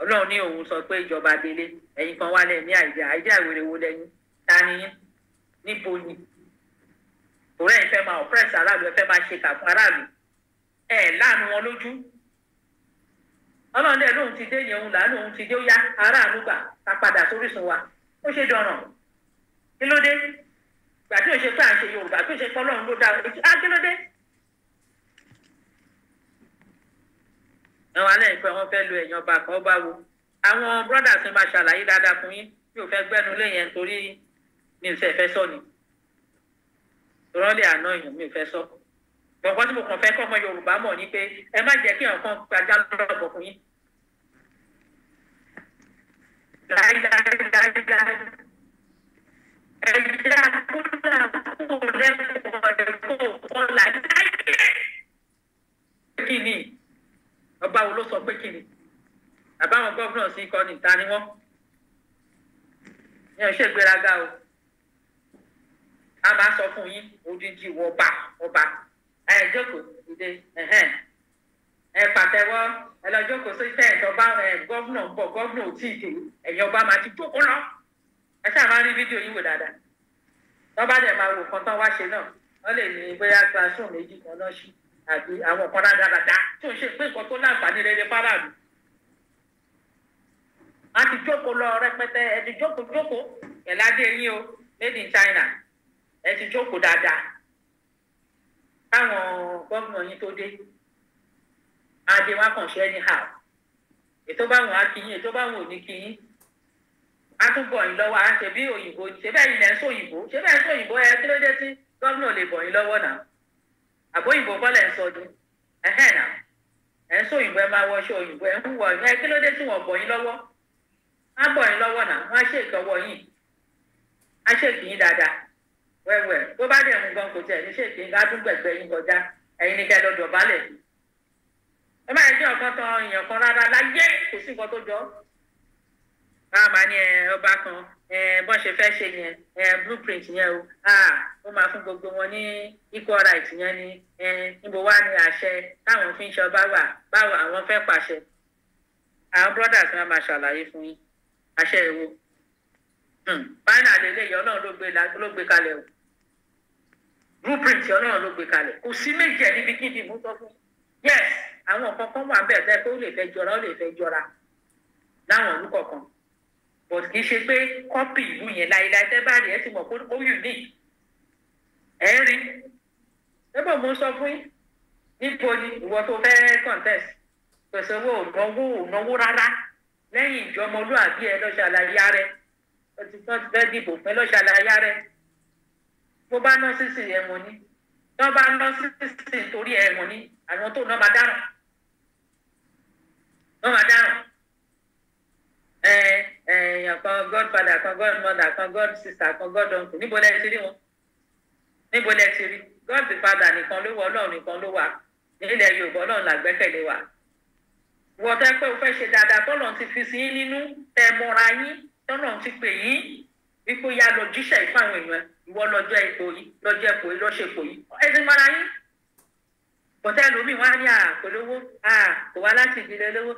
ọlọ́run ní òun sọ pé ìjọba délé ẹ̀yin kan wá lẹ́yìn ní àìjẹ́ àìjẹ́ àìwèrè wo lẹ́yìn ta ni yín níbo ni òun ẹ̀ fẹ́ máa oppress aráàlú ẹ fẹ́ máa ṣe kà aráàlú ẹ̀ láàánú wọn lójú ọlọ́run dẹ̀ lóun ti dé yẹn òun làánú òun ti dé ó yá aráàlú gbà ká padà sórísun wa ó ṣe dọ̀ràn kí ló dé gbà tí ò ṣe pé à ń ṣe yorùbá tí ò ṣe pé ọlọ́run ló dá á kí ló dé. ẹ̀wọ̀n alẹ́ ìpẹ́ wọn fẹ́ lu ẹ̀yàn ọba kan ọba wo àwọn brothers mi máa ṣàlàyé dáadáa fún yín mi ò fẹ́ gbẹ́nu lé yẹn torí mi ò fẹ́ sọ ni. ìrọ̀lẹ́ àná èèyàn mi ò fẹ́ sọ. So bọ̀kọ́ tí mo kàn fẹ́ kọ́mọ Yorùbá mọ̀ ni pé ẹ má jẹ́ kí ọ̀kan gbajá lọ́rọ̀ bọ̀ fún yín. ẹ̀dá kúlà kú lẹ́kọ̀ọ́ ẹ̀kọ́ kọ́là láìpẹ́. kí ni ọba wo ló sọ pé kí ni àbáwọn gómìnà sí kọ́ níta ni wọ́n ní ọ̀ṣẹ́ ìgbéraga o a máa sọ fún yín odidi wọ ọba ọba. ẹ jókòó ǹde ẹ pàtẹ́wọ́ ẹ lọ jókòó sí tẹ́ǹtì ọba gọ́vnà ọba máa ti jókòó lọ ẹ ṣáà máa rí fídíò yìí wò dáadáa tọ́ba dẹ̀ máa wò kan tán wá ṣe náà wọ́n lè ní bóyá classroom méjì kan náà ṣí àbí àwọn kan ń ṣe pé nǹkan tó láǹfààní rere a ti jókòó lọ rẹpẹtẹ ẹ ti jókòó jókòó ládé yín o made in China ẹ ti jókòó káwọn gómìnà yín tó dé adé wa kàn ṣe ẹni hà ètò báwọn akínyìn ètò báwọn ò kínyìn a tún bọ̀ yín lọ́wọ́ àṣẹ bí òyìnbó ṣe bẹ́ẹ̀ ilẹ̀ ń sòyìnbó ṣe bẹ́ẹ̀ ń sòyìnbó ẹ kí ló dé tí gómìnà lè bọ̀ yín lọ́wọ́ náà àbóyìnbó kọ́lẹ̀ ń sọdú ẹ̀hẹ́ náà ẹ̀ ń sòyìnbó ẹ máa wọṣọ òyìnbó ẹ̀ ń wọ ẹ kí ló dé tí wọ́n bọ̀ yín lọ́wọ́ á bọ̀ yín lọ́wọ́ náà wọ́n á ṣèkọ́wọ́ yìí á ṣèkì yín dáadáa wẹ́wẹ́ tó bá dẹ̀ ń gan kò tẹ̀ ní ṣèké ládùúgbẹ̀gbẹ̀ yín kọjá ẹ̀yin ni kẹ́ lọ dọ̀bálẹ̀ ẹ má jẹ́ ọ̀kan tán èèyàn kan rárá láyé kò sí nǹkan tó jọ báwa máa ní ọba kan bọ́n ṣe fẹ́ ṣe yẹn blueprint yẹn o ó máa fún gbogbo wọn ní equal right yẹn ni níbo wá ní àṣẹ táwọn fi ń ṣe ọba wà báwo àwọn fẹ́ pàṣẹ àwọn brothers wọn máa ṣàlàyé fún yín àṣẹ ìwo báyìí lè lè yọ náà ló gbé kalẹ̀ o blueprint ọlọ́run ló gbé kalẹ̀ kò sí méjì ẹ̀ níbi kí ìdìbò sọ fún yes àwọn nǹkan kan wà bẹ́ẹ̀ bẹ́ẹ̀ pé ó lè fẹ́ jọra ó lè fẹ́ jọra láwọn ìlú kọ̀ọ̀kan but kì í ṣe pé kọ́pì ìlú yẹn láìláì tẹ́ bá rí ẹ ti mọ̀ pé ó unique ẹ̀ ń rí ẹ̀bọ̀ mo sọ fún yín níbo ni ìwọ tó fẹ́ contest pèsè owó ònáwó ònáwó rárá lẹ́yìn ìjọmọlúàbí ẹ lọ́ṣàlàyé rẹ ó ti tán ti fẹ́ dìbò fún lọ́ṣàlàyé rẹ bó bá ná sísì ẹ̀mọ̀ ni tó bá ná sísì torí ẹ̀mọ̀ ni àwọn tó ná máa dáràn wọ́n máa dáràn èèyàn kan god father kan god mother kan god sister kan god uncle níbo lẹ́ẹ̀ ti rí wọn níbo lẹ́ẹ̀ ti rí god the father nìkan ló wà ọlọ́run nìkan ló wà nílẹ̀ yorùbá ọlọ́run làgbẹ́kẹ̀lé wa wọ́n tẹ́ pé o fẹ́ ṣe dáadáa tọ́lọ́run ti fi sí yín nínú tẹ́ mọ́ra yín tọ́lọ́run ti pè yín wípé yá lọ jíṣẹ́ ìfáwọn èèyàn ìwọ lọ́jọ́ ipò yìí lọ́jọ́ ipò yìí lọ́ṣẹ̀ ipò yìí ẹ̀sìn mọ́ra yín bọ́tẹ́ lómi wá ní àpolówó kò wá láti ìdílé lówó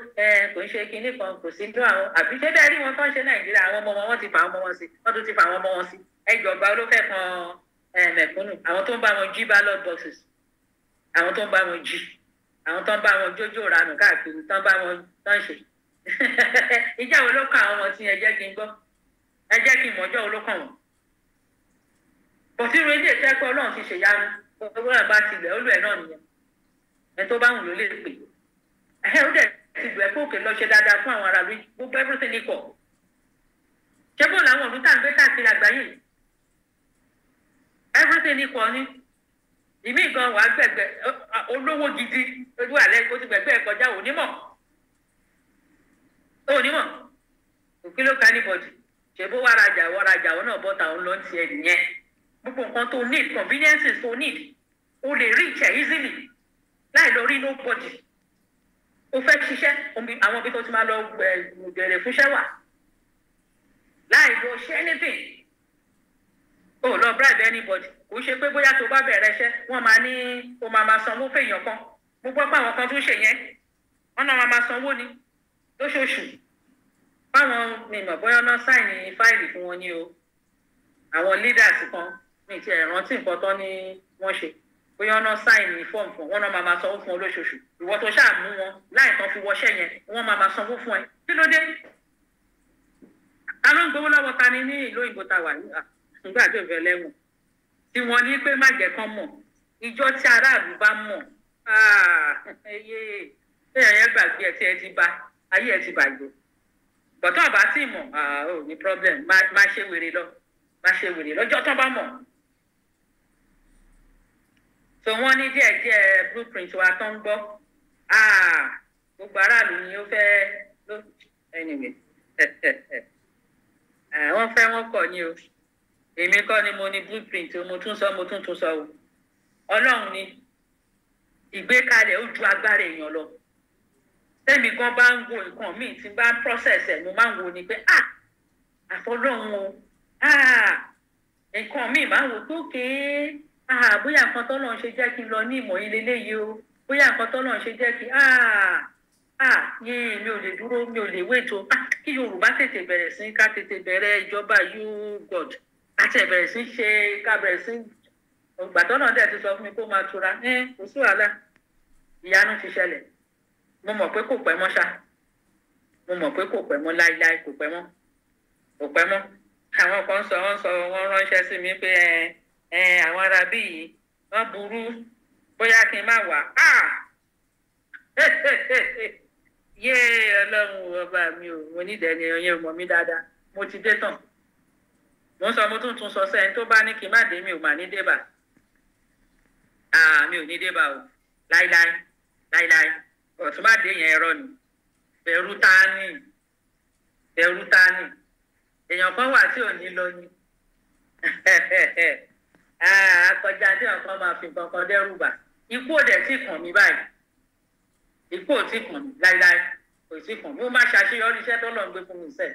kò ń ṣe kinní kan kò sí nínú àwọn àbí ṣé bẹ́ẹ̀ rí wọn tó ń ṣe nàìjíríà àwọn ọmọ wọn ti fà àwọn ọmọ wọn sí wọ́n tún ti fà àwọn ọmọ wọn sí ẹjọba olófẹ́ kan mẹ̀kúnnù àwọn tó ń bá wọn jí ballot boxes àwọn tó ń bá wọn jí àwọn tó ń bá wọn jójó ranù káàkiri tó ń bá wọn tó ń ṣe *laughs* ìjà wo àwọn ọmọ tí ẹ jẹ́ kí n gbọ́ ẹ jẹ́ kí n mọ̀jọ́ wo ló bọ̀tí ilé ìtẹ́ pé ọlọ́run ti ṣèyanu owó náà bá ti lẹ̀ ó lù ẹ̀ náà nìyẹn ẹ tó bá wù ló lè pè ẹ ó dẹ̀ ti lù ẹ òkè lọ ṣe dáadáa fún àwọn aráàlú gbogbo everything ní kọ̀ ṣé bó làwọn òdútà ń gbé káàkiri àgbáyé everything ní kọ̀ ni ìmí gan wàá gbẹgbẹ olówó gidi ojú àlẹ o ti gbẹgbẹ kọjá onímọ̀ onímọ̀ òkìlókanibọdì ṣèbó wàrajà wàrajà ọ náà bọta òun lọ gbogbo nǹkan tó need conveniences tó need o lè reach ẹ easily láì lọ rí nobody o fẹ́ ṣiṣẹ́ àwọn ibi tó ti máa lọ bẹ̀rẹ̀ fúnṣẹ́ wà láì lọ ṣe anything o lọ bribe anybody kò ṣe pé bóyá tó bá bẹ̀rẹ̀ iṣẹ́ wọ́n máa ní o máa máa sanwó fèèyàn kan gbogbo ọ̀pọ̀ àwọn kan tó ṣe yẹn wọ́n náà máa máa sanwó ni lóṣooṣù báwọn mi mọ̀ bóyá náà sáìnì fáìlì fún wọn ni o àwọn leaders kan mi ti ẹ̀ rántí nǹkan tán ni wọ́n ṣe bóyá ọ̀nà sáìnì fọ́ọ̀mù fún wọn náà máa máa sanwó fún ọ lóṣooṣù ìwọ tó ṣáà mú wọn láì tán fi wọṣẹ́ yẹn wọ́n máa máa sanwó fún ẹ kí ló dé àwọn gbowó lọ́wọ́ ta ni ní ìlú òyìnbó ta wà yìí nígbà tó fẹ́ lẹ́wọ̀n tí wọ́n ní pé má jẹ́ kán mọ̀ ìjọ tí aráàlú bá mọ̀ ẹyẹ ẹyẹ yẹn gbàgbé ẹ tí ẹ ti bá ayé ẹ ti bàjẹ́ bọ̀tọ̀ àbá tí mọ̀ ò ní problem má ṣe wèrè lọ má ṣe wèrè lọ́jọ́ tán bá mọ̀ so wọ́n ní díẹ̀díẹ̀ blueprint wa tó ń gbọ́ ah, gbogbo aráàlú ni ó fẹ́ ló anyway *laughs* eh, wọ́n fẹ́ wọ́n kọ̀ ni o èmi kọ́ ni mo ní blueprint o mo tún sọ mo tún tún sọ o ọlọ́run ni ìgbékalẹ̀ ó ju agbára èèyàn lọ tẹ́mi gan bá ń wo nǹkan míì tí bá ń process ẹ̀ mo máa ń wo ni pé ah àfọlọ́run o ah nǹkan míì máa ń wo tó kéé ah bóyá nǹkan tọ́lọ́run ṣe jẹ́ kí n lọ ní ìmọ̀ yìí leléyìí o bóyá nǹkan tọ́lọ́run ṣe jẹ́ kí ah ah mi ò lè dúró mi ò lè wéto ah, kí yorùbá tètè bẹ̀rẹ̀ sí ká tètè bẹ̀rẹ̀ ìjọba you god àti ẹ̀bẹ̀rẹ̀ sí ṣe ká bẹ̀rẹ̀ sí ìgbà dẹ̀ ti sọ fún mi kó máa tura ẹ kò sí ìyanu ti ṣẹlẹ̀ mo mọ̀ pé kò pẹ́ mọ́ ṣá mo mọ̀ pé kò pẹ́ mọ́ láíláí kò pẹ́ mọ́ kò pẹ́ mọ́ àwọn kan sọ wọ́n sọ wọ́n ránṣẹ́ sí mi pé ẹ àwọn arábí bí yìí wọ́n burú bóyá kí n má wà á *laughs* yé ọlọ́run ọba mi ò mo nídẹ̀ẹ́ ni ọyẹ́ mọ̀ mí dáadáa mo ti dé tán mo ń sọ mo tún tún sọ sẹ́yìn tó bá ní kí n má dé mi ò mà ní débà mi ò ní débà o láíláí láíláí ọ̀tún má dé yẹn ẹ̀rọ ni bẹ̀rù ta ni bẹ̀rù ta ni èèyàn kan wà tí ò ní lọ ni. *laughs* akọjá tí wọn kàn máa fi kankan dẹ́rù bà ikú ò dẹ̀ tí kàn mí báyìí ikú ò tí kàn mí láíláí kò tí kàn mí ó máa ṣàṣeyọrí iṣẹ́ tó lọ́n gbé fún mi sẹ́ẹ̀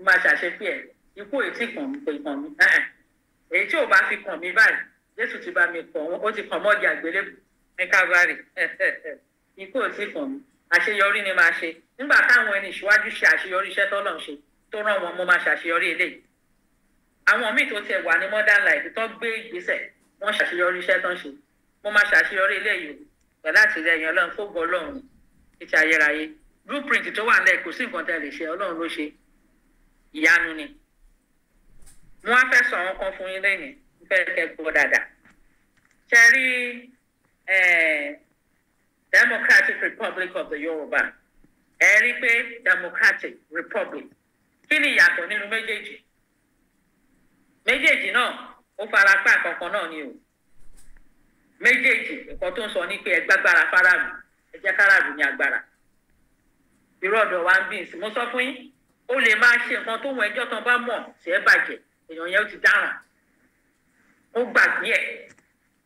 ó máa ṣàṣepẹ́ ẹ̀ ikú ò tí kàn mí kò kàn mí èyí tí ò bá fi kàn mí báyìí Jésù ti bá mi kàn ó ti kàn mọ́ọ̀dì àgbélébù ní Calvary ikú ò tí kàn mí àṣeyọrí ni máa ṣe nígbà táwọn ẹni ìṣíwájú ṣe àṣeyọrí iṣẹ́ tọ́lọ̀ ń ṣe tó rán wọn mo máa ṣàṣeyọrí eléyìí àwọn míì tó tiẹ̀ wà ní modern life tó gbé ìgbésẹ̀ wọ́n ṣàṣeyọrí iṣẹ́ tó ń ṣe mo máa ṣàṣeyọrí eléyìí pẹ̀ láti rẹ ẹ̀yìn ọlọ́run fóògùn ọlọ́run títí ayérayé blueprint tó wà nílẹ̀ kò sí nǹkan tẹ́ lè ṣe ọlọ́run ló ṣe ìyanu ni wọ́n á fẹ́ sọ àwọn kan fún yín lẹ́yìn fẹ́ kẹ́ gbọ́ dáadáa Democratic Republic of the Yorùbá ẹ rí pé Democratic Republic kí ni ìyàtọ̀ nínú méjèèjì méjèèjì náà ó fara pa àkọ́kọ́ náà ni o méjèèjì nǹkan tó ń sọ ni pé ẹ gbàgbára fáráàlú ẹ jẹ́ káràlú ní agbára irú ọ̀dọ̀ wa ń bí ìsìn mo sọ fún yín ó lè máa ṣe nǹkan tó wọn ẹjọ́ tán bá mọ̀ sí ẹ bàjẹ́ èèyàn yẹn ó ti dáràn ó gbàgbé ẹ̀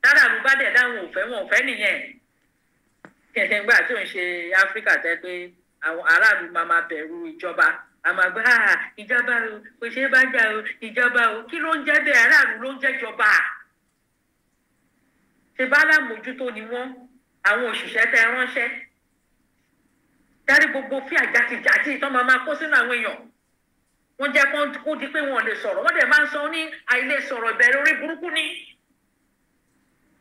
káràlú bá dẹ̀ dáhùn òfẹ́ wọn òfẹ́ nìyẹn kẹ̀kẹ́ ńgbà tí ò ń ṣe áfíríkà tẹ́ pé àwọn aráàlú máa máa bẹ̀rù ìjọba àmàgbà ah, ìjọba o kò ṣeé bá jà o ìjọba o kí ló ń jẹ́ bẹ́ẹ̀ aráàlú ló ń jẹ́ jọba ṣe bá lámòjútó ni wọ́n àwọn òṣìṣẹ́ tẹ ránṣẹ́ dárí gbogbo fí àjàtìjàtì tó máa máa kó sínú àwọn èèyàn wọ́n jẹ́ kó di pé wọ́n lè sọ̀rọ̀ wọ́n dẹ̀ máa ń sọ ní àìlè sọ̀rọ̀ ìbẹ̀rẹ̀ orí burúkú ni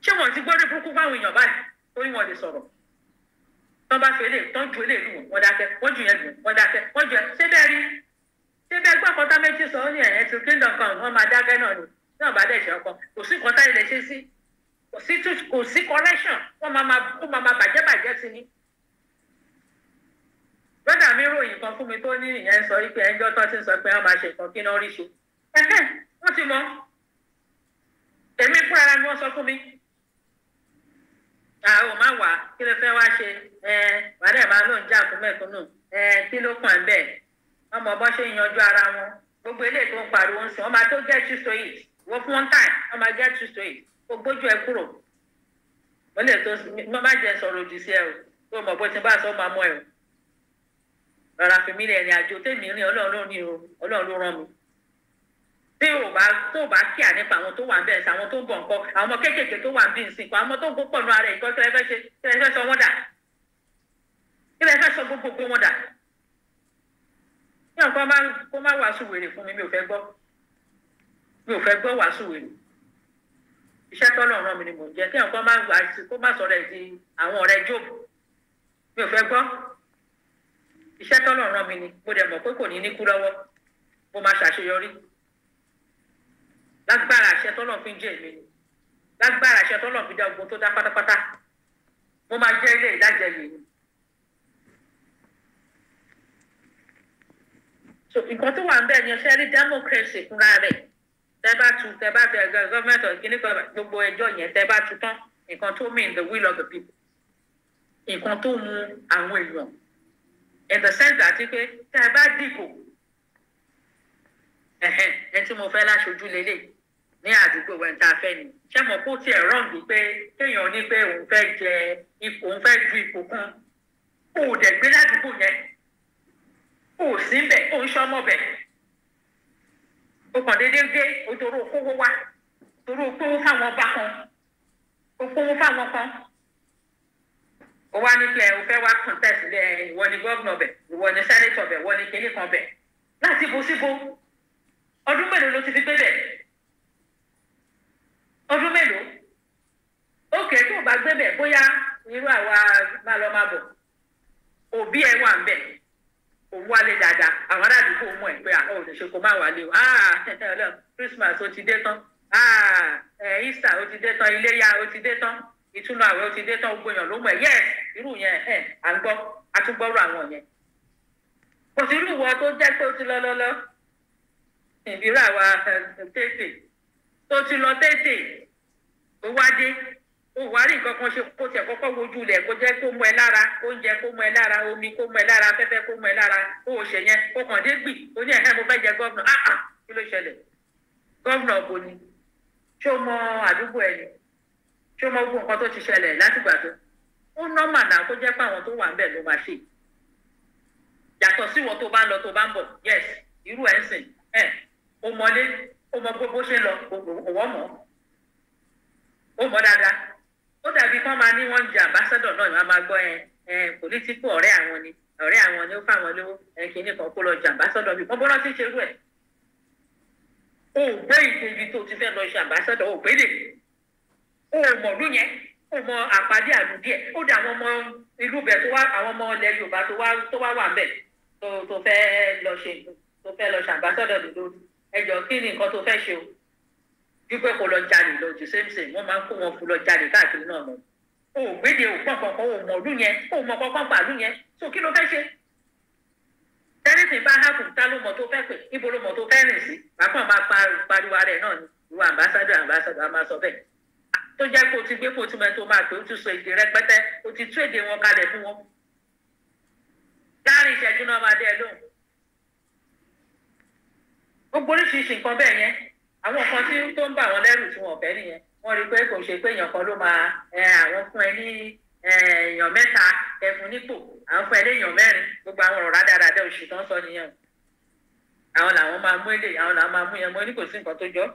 ṣé wọ́n ti gbọ́ orí burúkú fáwọn èèyàn báyìí torí wọ́n lè sọ̀rọ̀ tán bá fi eléyìí tán ju eléyìí lù wọ́n dákẹ́ wọ́n ju yẹn lù wọ́n dákẹ́ wọ́n ju yẹn ṣé bẹ́ẹ̀ rí ṣé bẹ́ẹ̀ gbọ́ kọ́tà méjì sọ ó ní ẹ̀yẹn ti kingdom kan wọ́n máa dákẹ́ náà ni náà bá dẹ̀ ṣe ọkọ kò sí kọ́tà ilẹ̀ ṣe sí kò sí kò sí correction wọ́n máa máa wọ́n máa máa bàjẹ́ bàjẹ́ sí ni. brọ́dà mi ròyìn kan fún mi tó ní ìyẹn sọ pé ẹjọ́ tó ti sọ pé wọ́n máa ṣe nǹkan kí náà rí ṣe ẹ̀hẹ́ wọ́n ti mọ èmi fúnra mi wọ́n sọ fún mi àwọn ma wà kí ló fẹ́ wá ṣe wàdà ìbá ló ń jà fún mẹ́kúnnù kí ló kàn ń bẹ̀ ọmọ bọ́ ṣe ń yanjú ara wọn gbogbo eléyìí tó ń pariwo ń sìn wọn máa tó get so it wo fún one time so it kó gbójú ẹ kúrò lè tó jẹ sọ̀rọ̀ sí ẹ o o rárá o ọlọ́run ló tí o bá tó o bá kí à nípa àwọn tó wà ń sí àwọn tó ń bọ̀ nǹkan àwọn kéékèèké tó wà bí nsìnkú àwọn tó ń kó pọ̀ nù ara ìkọ́ kí lè fẹ́ ṣe kí lè fẹ́ sọ wọ́n dà kí lè fẹ́ sọ gbogbogbò wọ́n dà ní ọ̀kan má má wàásù wèrè fún mi mi ò fẹ́ gbọ́ mi ò fẹ́ gbọ́ wàásù wèrè iṣẹ́ tọ́lọ̀ ràn mí ni mò ń jẹ́ kí ọ̀kan má wàásù má sọ̀rọ̀ ẹ̀ di àwọn ọ̀rẹ́ job mi ò fẹ́ gbọ́ iṣẹ́ tọ́lọ̀ ràn mí ni mo dẹ̀ mọ̀ pé kò ní ní kú lọ́wọ́ mo máa ṣàṣeyọrí lágbára àṣẹ tọ́lọ̀ fi ń jẹ́ èmi ni lágbára àṣẹ tọ́lọ̀ fi dá ogun tó dá pátápátá mo máa jẹ́ ilé ìdájẹ́ mi ni. so nǹkan tó wà ń bẹ̀ ni ọṣẹ́ rí democracy fúnra rẹ̀ tẹ́ bá tu tẹ́ bá tẹ gọ́ọ̀mẹ̀ntì ọ̀gbìn nípa gbogbo ẹjọ́ yẹn tẹ́ bá tu tán nǹkan tó mean the will of the people nǹkan tó mú àwọn èèyàn in the sense àti pé tẹ́ bá dìbò ẹ̀hẹ́n ẹni tí mo fẹ́ láṣojú lélẹ́yìí ní àdúgbò wẹ́ntàfẹ́ ni ṣé mo kó tiẹ̀ rọ́ǹdù pé kéèyàn ní pé òun fẹ́ jẹ ipò òun fẹ́ ju ipò kan kó o dẹ̀ gbé ládùúgbò yẹn kó o sí bẹ̀ kó o ń ṣọmọ bẹ̀ o kàn déédéé dé o toró kówó wá toró kówó fáwọn ọba kan o kówó fáwọn kan o wá ní pé o fẹ́ wá contest bẹ́ ìwọ ni gómìnà bẹ̀ ìwọ ni sẹ́nẹ́tọ̀ bẹ̀ ìwọ ni kinní kan bẹ̀ láti bo síbo ọdún mélòó ló ti fi gbé bẹ̀ ọdún mélòó òkè tó o bá gbé bẹ̀ bóyá irú àwa máa lọ máa bọ̀ òbí ẹ wà ń bẹ̀ òun wálé dáadáa àwọn aládùúgbò mú ẹ pé àwọn ah, òṣèṣe kò má wálé o ah *laughs* Christmas ó ti dé tán ah eh, Easter ó ti dé tán iléyà ó ti dé tán ìtúnu àwẹ̀ ó ti dé tán gbóyàn ló mú ẹ yẹ irú yẹn ẹ eh, à ń gbọ́ atúgbọ́rọ̀ àwọn yẹn kò sí irú ìwọ tó jẹ́ pé ó ti lọ lọ́lọ́ ìbírà wa eh, tètè ó ti lọ tètè ó wá dé ó wá rí nǹkan kan ṣe kó tiẹ̀ kọ́kọ́ wojú ilẹ̀ kó jẹ́ kó mọ ẹ lára oúnjẹ kó mọ ẹ lára omi kó mọ ẹ lára afẹ́fẹ́ kó mọ ẹ lára ó o ṣe yẹn kàn dé gbì ó ní ẹ̀hẹ́ mo fẹ́ jẹ gọ́vnà ah ah kí ló ṣẹlẹ̀ gọ́vnà ọ̀bọ ni ṣó mọ àdúgbò ẹni ṣó mọ gbogbo nǹkan tó ti ṣẹlẹ̀ látìgbà tó ó nọ́mà náà kó jẹ́ pé àwọn tó wà ń bẹ̀ ló máa ṣe yàtọ̀ sí wọn tó bá ń lọ tó bá ń bọ̀ yes irú ẹ̀ ń sìn ẹ̀ ó mọlé o mọ gbogbo ṣe lọ òwò mọ o mọ dáadáa ó dàbí kán máa ní wọn ń jẹ àbáṣẹdọ náà ìwà máa gbọ́ ẹ ẹ pòlítíkù ọ̀rẹ́ àwọn ni ọ̀rẹ́ àwọn ni ó fáwọn lówó ẹ kìíní kan kó lọ jà àbáṣẹdọ bí wọn bọ́lá ti ṣerú ẹ o gbé ìdèbí tó ti fẹ́ lọ ṣe àbáṣẹdọ o gbé dèbí o mọ ọdún yẹn o mọ àpàdé àlùdíẹ ó dà àwọn ọmọ ìlú bẹ tó wá àwọn ọmọ ilẹ̀ Yorùbá tó wá tó wá wà bẹ tó tó fẹ́ lọ ṣe tó fẹ́ lọ ṣe àbáṣẹdọ lórí ẹjọ kí ni nǹkan tó fẹ́ ṣe o wípé kò lọ jalè lọ jù sẹ́ńsẹ̀ wọ́n máa ń kó wọn fún lọ jalè káàkiri náà lọ o gbéde o pọ̀ kankan o mọ̀ ọdún yẹn o mọ̀ kankan pa ọdún yẹn so kí ló fẹ́ ṣe tẹ́lifíìn bá hàpù ta ló mọ̀ tó fẹ́ pè ibo ló mọ̀ tó fẹ́ rìn sí bákan máa pariwo ara náà ni ìwọ àmbásádọ̀ àmbásádọ̀ a máa sọ bẹ́ẹ̀ tó jẹ́ kó o ti gbé kó o ti mẹ́tò máa pè o ti sọ èdè rẹpẹtẹ o ti tú èdè wọn kalẹ̀ fún wọn láàrin ìṣẹ́jú náà máa dé ẹ lóhùn gbogbo oríṣiríṣi nǹkan bẹ́ẹ̀ yẹn àwọn nǹkan tí tó ń bà wọ́n lẹ́rù tí wọ́n fẹ́ nìyẹn wọ́n rí i pé kò ṣe pé èèyàn kan ló máa àwọn fún ẹ ní èèyàn mẹ́ta ẹ̀fún nípò àwọn fún ẹ léèyàn mẹ́rin gbogbo àwọn ọ̀rọ̀ rádaràdà òṣì tó ń sọ nìyẹn o àwọn làwọn máa mú èlé àwọn làwọn máa mú yẹn mọ́ ní sí nǹkan tó jọ́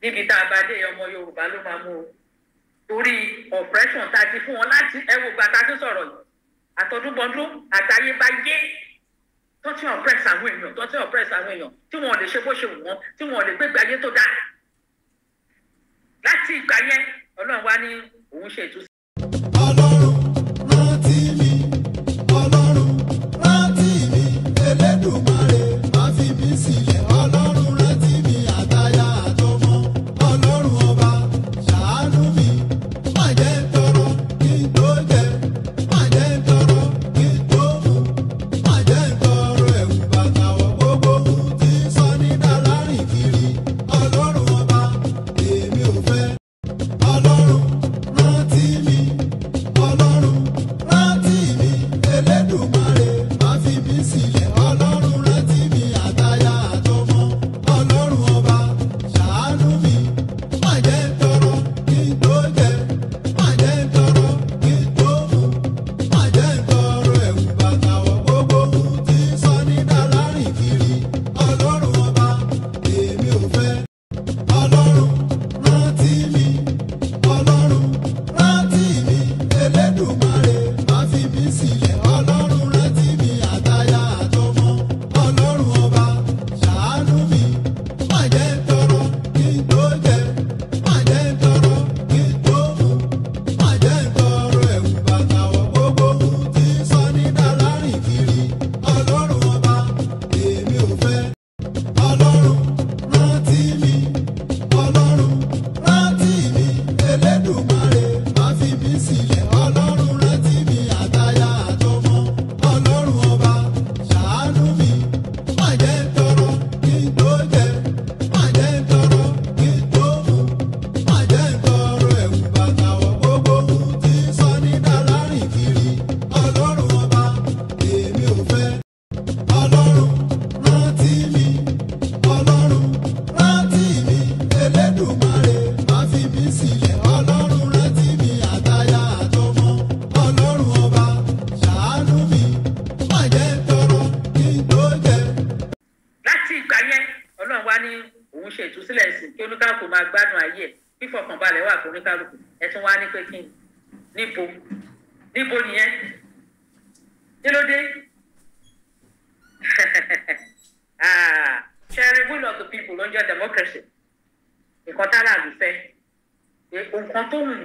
níbi tá a bá dé ọmọ Yorùbá ló máa mú o torí oppression tá a ti fún wọn láti ẹwọ gbàtà tó sọ̀rọ̀ yìí àtọdúnbọdún àtayébáyé tó ti oppress àwọn èèyàn tó ti oppress àwọn èèyàn tí wọn ò lè ṣe bó ṣe wù wọn tí wọn ò lè gbégbé ayé tó dáa láti ìgbà yẹn ọlọ́run wá ní òun ṣe ìtúsílẹ̀.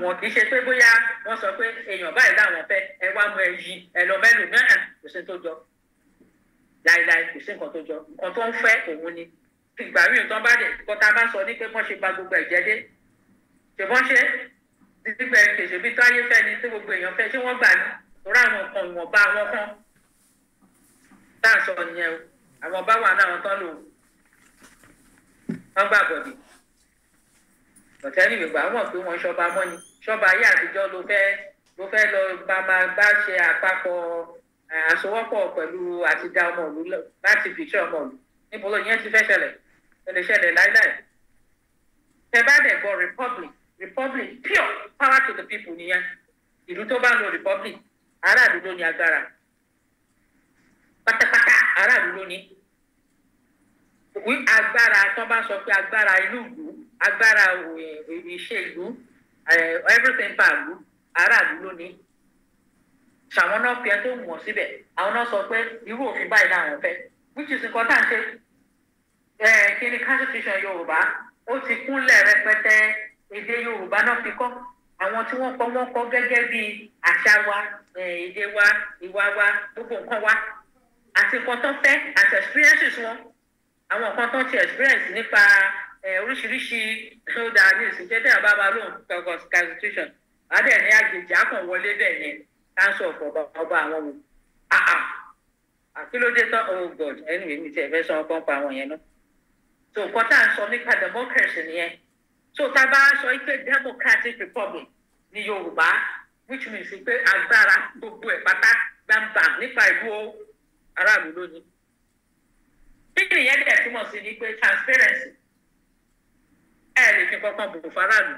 wọn kì í ṣe pé bóyá wọ́n sọ pé èèyàn báyìí láwọn fẹ́ ẹ wá mọ ẹyí ẹ lọ mẹ́lò náà kò sí tó jọ láìláì kò sí nǹkan tó jọ nǹkan tó ń fẹ́ òun ni ìgbà míì tán bá dé nǹkan tá a bá sọ ní pé wọ́n ṣe ba gbogbo ẹ̀jẹ̀ dé ṣèbọn ṣe nígbà kèsè bí táyé fẹ́ ni tí gbogbo èèyàn fẹ́ ṣé wọ́n gbà ní torí àwọn nǹkan ìwọ̀nba àwọn kan tá à ń sọ nìyẹn o àwọn bá wà ní àwọn tán lò wọ́n gbà bọ̀dì ọ̀tẹ́ni ìgbà wọn pé wọ́n ṣọba mọ́ni ṣọ́ọ̀bù ayé àtijọ́ ló fẹ́ ló fẹ́ lọ bá máa bá ṣe àpapọ̀ àsowọ́pọ̀ pẹ̀lú àti da ọmọ ìlú láti fìṣẹ́ ọmọ ìlú níbo ló yẹn ti fẹ́ ṣẹlẹ̀ ó ṣẹlẹ̀ láíláí. tẹ bá republic republic pure power to the people nìyẹn ìlú tó bá ń republic aráàlú ló ní agbára pátápátá aráàlú ló ní wí agbára tó bá sọ pé agbára inú ìlú agbára eh, ìṣèlú everything pààlú aráàlú ló ní ṣàwọn náà fi ẹ tó wọ̀n síbẹ̀ àwọn náà sọ pé irú òfin báyìí làwọn fẹ́ which is nǹkan tá à ń ṣe kí ni constitution yorùbá ó ti kúnlẹ̀ rẹpẹtẹ èdè yorùbá náà fi kọ́ àwọn tí wọ́n kọ́ wọ́n kọ́ gẹ́gẹ́ bí àṣà wa èdè wa ìwà wa gbogbo nǹkan wa àti nǹkan tó fẹ́ àti experiences wọn àwọn nǹkan tó ti experience nípa oríṣiríṣi sódà ní ìsìnkẹ́ tẹ̀ bá bá lóun kọ̀ọ̀kan constitution adẹ̀ ní àjèjì akàn wọlé bẹ̀ yẹn council of ọba ọba àwọn wò àkílódé tán oh god ẹnu èmi tiẹ̀ fẹ́ sọ ọkàn pa àwọn yẹn náà so nǹkan tá à ń sọ nípa democracy nìyẹn so tá a bá sọ pé democratic republic ní yorùbá which means pé agbára gbogbo ẹ̀ pátá gbàǹgbà nípa ìlú aráàlú lónìí. bí nìyẹn dẹ̀ túmọ̀ sí ni pé transparency ẹ lè fi kankan bò faraàlú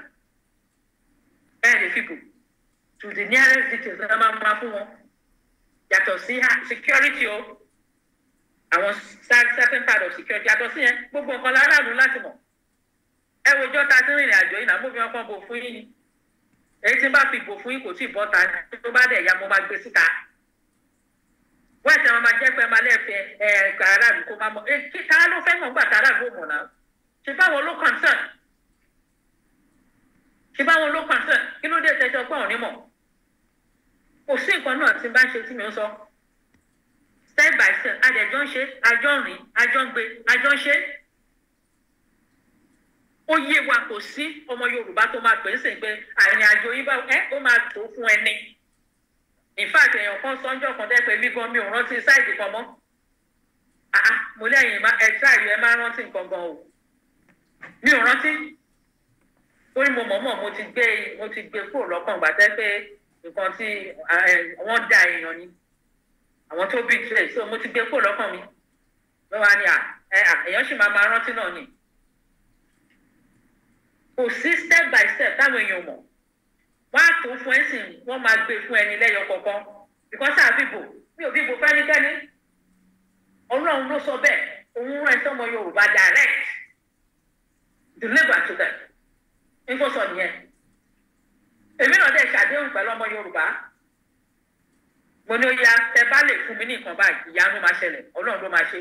ẹ lè fi bò to the nearest details ẹ máa máa fún wọn yàtọ̀ sí security o àwọn certain part of security yàtọ̀ sí yẹn gbogbo nǹkan láràlú láti mọ̀ ẹ wo ọjọ́ ta sí rìnrìn àjò yìí náà mo fi wọn kan bò fún yín ni èyí tí n bá fi bò fún yín kò tí ì bọ́ta tó bá dẹ̀ ya mo máa gbé síta wọ́n ẹ̀sẹ̀ wọn máa jẹ́ pé máa lẹ́ẹ̀fẹ́ ẹ̀ kàràlù kó máa mọ̀ ẹ̀ kí káà ló fẹ́ mọ̀ gbà kàràlù ò mọ̀ náà ṣe báwọn ló concern ṣe báwọn ló pa sàn kí ló dé tẹjọ pé òun ní mọ kò sí nǹkan náà tí n bá ṣe tí mi ń sọ step by step adẹjọ ń ṣe àjọ rìn àjọ ń gbé àjọ ń ṣe ó yé wa kò sí ọmọ Yorùbá tó máa pè é sìn pé àrìn àjò yìí bá ẹ ó máa tó fún ẹni in fact èèyàn kan sọ́njọ́ kan tẹ́ pé bíbọn mi ò rántí sáìdì kan mọ́ àá mo lẹ́yìn ẹ̀ ṣáàyè ẹ máa rántí nǹkan gan o mi ò rántí torí mo mọ̀ mọ̀ mo ti gbé mo ti gbé kúrò lọ́kàn gbà tẹ́ pé nǹkan tí wọ́n da èèyàn ni àwọn tó bí tẹ̀ so mo ti gbé kúrò lọ́kàn mi ló wá ní à èèyàn sì máa máa rántí náà ni kò sí step by step táwọn èèyàn mọ̀ wọ́n á tó fún ẹ sì wọ́n máa gbé fún ẹni lẹ́yọ kọ̀ọ̀kan because àbíbò mi ò bíbò fẹ́nikẹ́ni ọlọ́run ló sọ bẹ́ẹ̀ òun rán ẹ sọmọ Yorùbá direct deliver to them ní kò sọ nìyẹn èmi náà dẹ̀ ṣàdéhùn pẹ̀lú ọmọ Yorùbá mo ní ó yá ẹ bá lè fún mi ní nǹkan báyìí ìyanu máa ṣẹlẹ̀ Ọlọ́run ló máa ṣe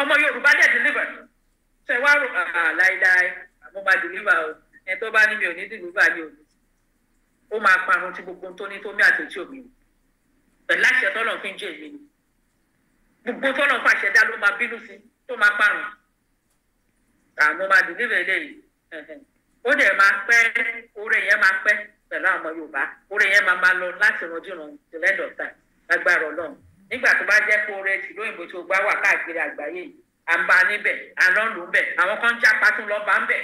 ọmọ Yorùbá dẹ̀ deliver ṣe wá rò láéláé mo máa deliver o ẹ tó bá ní mi ò ní deliver mi ò ní ó máa parun tí gbogbo tó ní tó mí àtẹ̀tí òmí pẹ̀lú àṣẹ tọ́lọ̀ fi ń jẹ́ èmi ni gbogbo tọ́lọ̀ fàṣẹ dá ló máa bínú sí tó máa parun àmọ́ máa deliver eléyìí. ó dẹ̀ máa pẹ́ re yẹn máa pẹ́ pẹ̀lú àwọn ọmọ yorùbá re yẹn máa máa lọ láti rànjúràn to end of time lágbára ọlọ́run nígbà tó bá jẹ́ pé oore ti òyìnbó tó gbá wà káàkiri àgbáyé yìí a níbẹ̀ à ń lọ́n lù bẹ̀ àwọn kan ń já patún lọ́ bá ń bẹ̀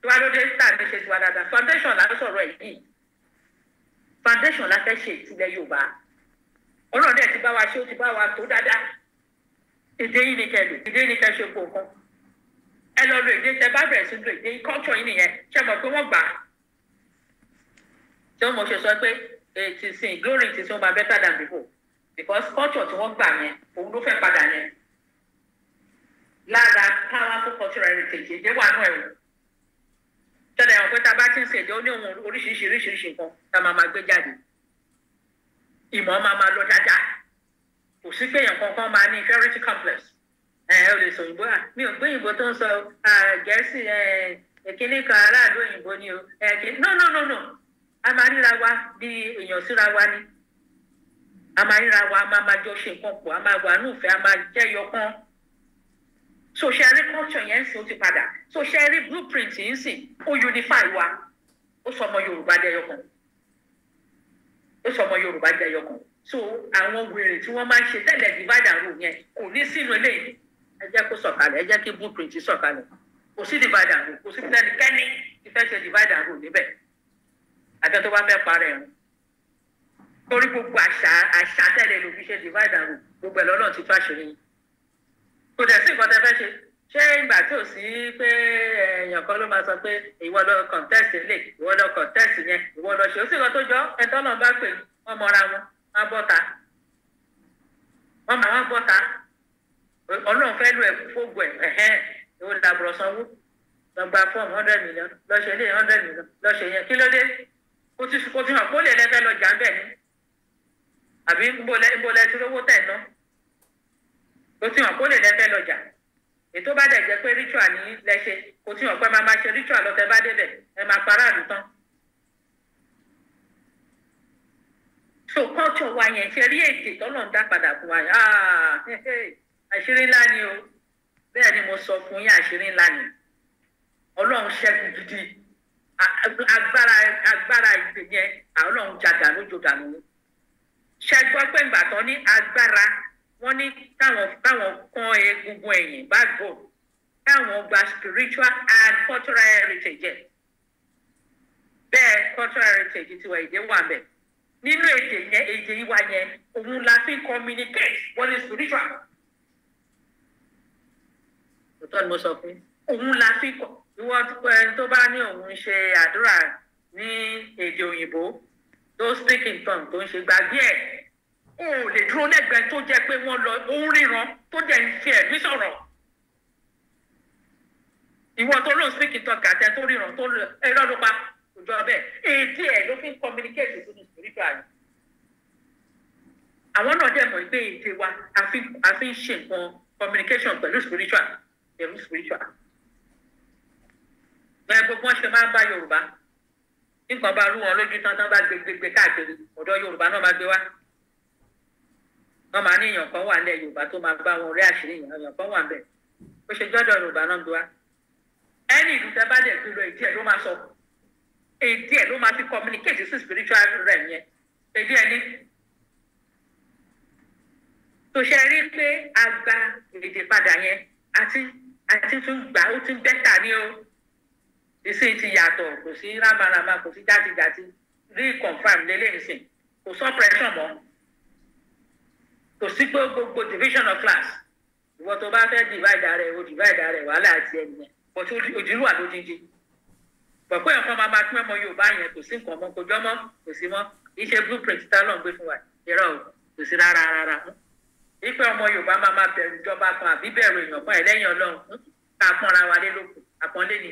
tí wàá lóde star ṣe foundation la sọ̀rọ̀ ẹ̀ yìí foundation la fẹ́ ṣe ìtìlẹ̀ yorùbá ti bá wa ṣe ó ti bá wa tó dáadáa ìdí ìdí ẹ lọ lo èdè tẹ bá bẹ̀rẹ̀ sí lo èdè culture yìí nìyẹn ṣe mọ̀ pé wọ́n gbà á tí wọ́n mọ̀ ṣe sọ pé ètì sìn glory ti sún ma better than before because culture tí wọ́n gbà yẹn òun ló fẹ́ padà yẹn lára powerful cultural heritage èdè wà nù ẹ̀ wò tọ́lá ẹ̀wọ̀n pé tá a bá ti ń ṣèdè ó ní ohun oríṣiríṣi oríṣiríṣi nǹkan tá a máa máa gbé jáde ìmọ̀ máa máa lọ dáadáa kò sí pé èèyàn kankan máa ní inferiority complex ẹ ò lè sọ òyìnbó à mi ò gbé òyìnbó tó ń sọ gẹ̀ẹ́sì ìkíní kan aráàlú òyìnbó ni o no no no no a máa ríra wa bí èèyàn síra wa ni a máa ríra wa a máa máa jọ ṣe nǹkan pọ̀ a máa wà nùfẹ́ a máa jẹ́yọ kan social culture yẹn ń sìn ó ti padà social blueprint yìí ń ó unify wa ó sọ ọmọ Yorùbá dẹyọ kan ó sọ ọmọ Yorùbá dẹyọ kan so àwọn wèrè tí wọ́n máa ń ṣe tẹ́lẹ̀ divide and rule yẹn kò ní sínú eléyìí ẹ jẹ́ kó sọ̀kalẹ̀ ẹ jẹ́ kí blueprint sọ̀kalẹ̀ kò sí divide and rule kò sí fúnẹ́ni kẹ́ni ìfẹ́ ṣe divide and rule níbẹ̀ àjọ tó bá fẹ́ parẹ́ ẹ̀rùn torí gbogbo àṣà àṣà tẹ́lẹ̀ ló fi ṣe divide and rule gbogbo ẹ̀ lọ́nà ti tó àṣírí yín kò dẹ̀ sí nǹkan tẹ́ fẹ́ ṣe ṣé ìgbà tí ò sí pé èèyàn kan ló máa sọ pé ìwọ lọ contest lè ìwọ lọ contest yẹn ìwọ lọ ṣe ó sì kan tó jọ ẹtọ́ náà bá pè wọ́n mọra wọn wọ́n bọ́ta wọ́n mọ̀ wọ́n bọ́ta ọlọ́run fẹ́ lu ẹ̀kú fóògùn ẹ̀ ẹ̀hẹ́n ìwọ ìdàbọ̀rọ̀ sanwó gbàgbà fọ́ọ̀mù hundred million lọ́sẹ̀ lé hundred million lọ́sẹ̀ yẹn kí ló dé kó ti kó fi hàn kó lè lẹ́fẹ́ lọ jà ń bẹ̀ ni àbí ńbọ̀lẹ́ ńbọ̀lẹ́ tí lówó tẹ̀ ná kó ti hàn kó lè lẹ́fẹ́ lọ jà ètò bá dẹ̀ jẹ́ pé ritual ní lẹ́sẹ̀ kó ti hàn pé máa máa ṣe ritual lọ́tẹ̀ bá débẹ̀ ẹ máa para àlù tán. so culture wa yẹn ṣe rí èdè tọ́lọ́ ń dá padà fún wa yẹn ah, àṣírí ńlá ni o bẹ́ẹ̀ ni mo sọ fún yín àṣírí ńlá ni ọlọ́run ṣẹ́gun gidi agbára agbára ìpè yẹn ọlọ́run jàgà lójó dànù ṣẹgbọ́n pé ìgbà tán ní agbára wọ́n ní káwọn káwọn kan egungun ẹ̀yìn backbone káwọn gba spiritual and cultural heritage ẹ̀ bẹ́ẹ̀ cultural heritage tiwa èdè wà bẹ́ẹ̀ nínú èdè yẹn èdè yìí wà yẹn òun la fi communicate wọ́n ní spiritual òótọ́ ni mo sọ fún. òun la fi kọ ìwọ ẹni tó bá ní òun ṣe àdúrà ní èdè òyìnbó tó speak in tongue tó ń ṣe gbàgbé ẹ̀ o ò lè dúró lẹ́gbẹ̀ẹ́ tó jẹ́ pé wọ́n lọ òun ríran tó dẹ̀ ń fi ẹ̀mí sọ̀rọ̀ ìwọ tó lóun speak in tongue àtẹ tó ríran tó ẹ̀rọ ló pa òjò ọbẹ̀ èdè ẹ̀ ló fi ń communicate with the spiritual àwọn náà dẹ̀ mọ̀ pé èdè wa a fi ń ṣe nǹkan communication pẹ̀lú spiritual ẹ̀rù spiritual ẹ̀ gbogbo wọn ṣe máa ń bá yorùbá nǹkan bá rú wọn lójú tán tán bá gbégbé káàkiri ọ̀dọ̀ yorùbá náà máa gbé wá wọn máa ní èèyàn kan wà nílẹ̀ yorùbá tó máa bá wọn rí àṣírí èèyàn kan wà bẹ́ẹ̀ ó ṣe jọ́dọ̀ yorùbá náà gbé wá ẹni ìlú tẹ bá dẹ̀ tó lọ ìdí ẹ̀ ló máa sọ èdè ẹ̀ ló máa fi communicate sí spiritual rẹ̀ yẹn èdè ẹ̀ ní. rí pé a gba èdè padà yẹn àti àti tún gbà ó tún bẹ́tà ní o ìsì ti yàtọ̀ kò sí rámarama kò sí játijàti rí confam lélẹ́yìnsìn kò sọ pressure mọ́ kò sí pé gbogbo division of class ìwọ tó bá fẹ́ divide ara ẹ̀ o divide ara ẹ̀ wàhálà àti ẹ̀ nìyẹn but òjìlú wà lójijì pọ̀pọ̀ ẹ̀kọ́ máa máa pín ọmọ Yorùbá yẹn kò sí nǹkan ọmọ kò jọ́ mọ́ kò sí mọ́ kì í ṣe blueprint tá a lọ́n gbé fún wa ìrọ̀ kò sí rárá rárá wípé ọmọ yorùbá máa máa bẹ̀rù ìjọba kan àbí bẹ̀rù èèyàn kan ẹlẹ́yìn ọlọ́run ká pọ́nra wa lé lókun àpọ́nlé ni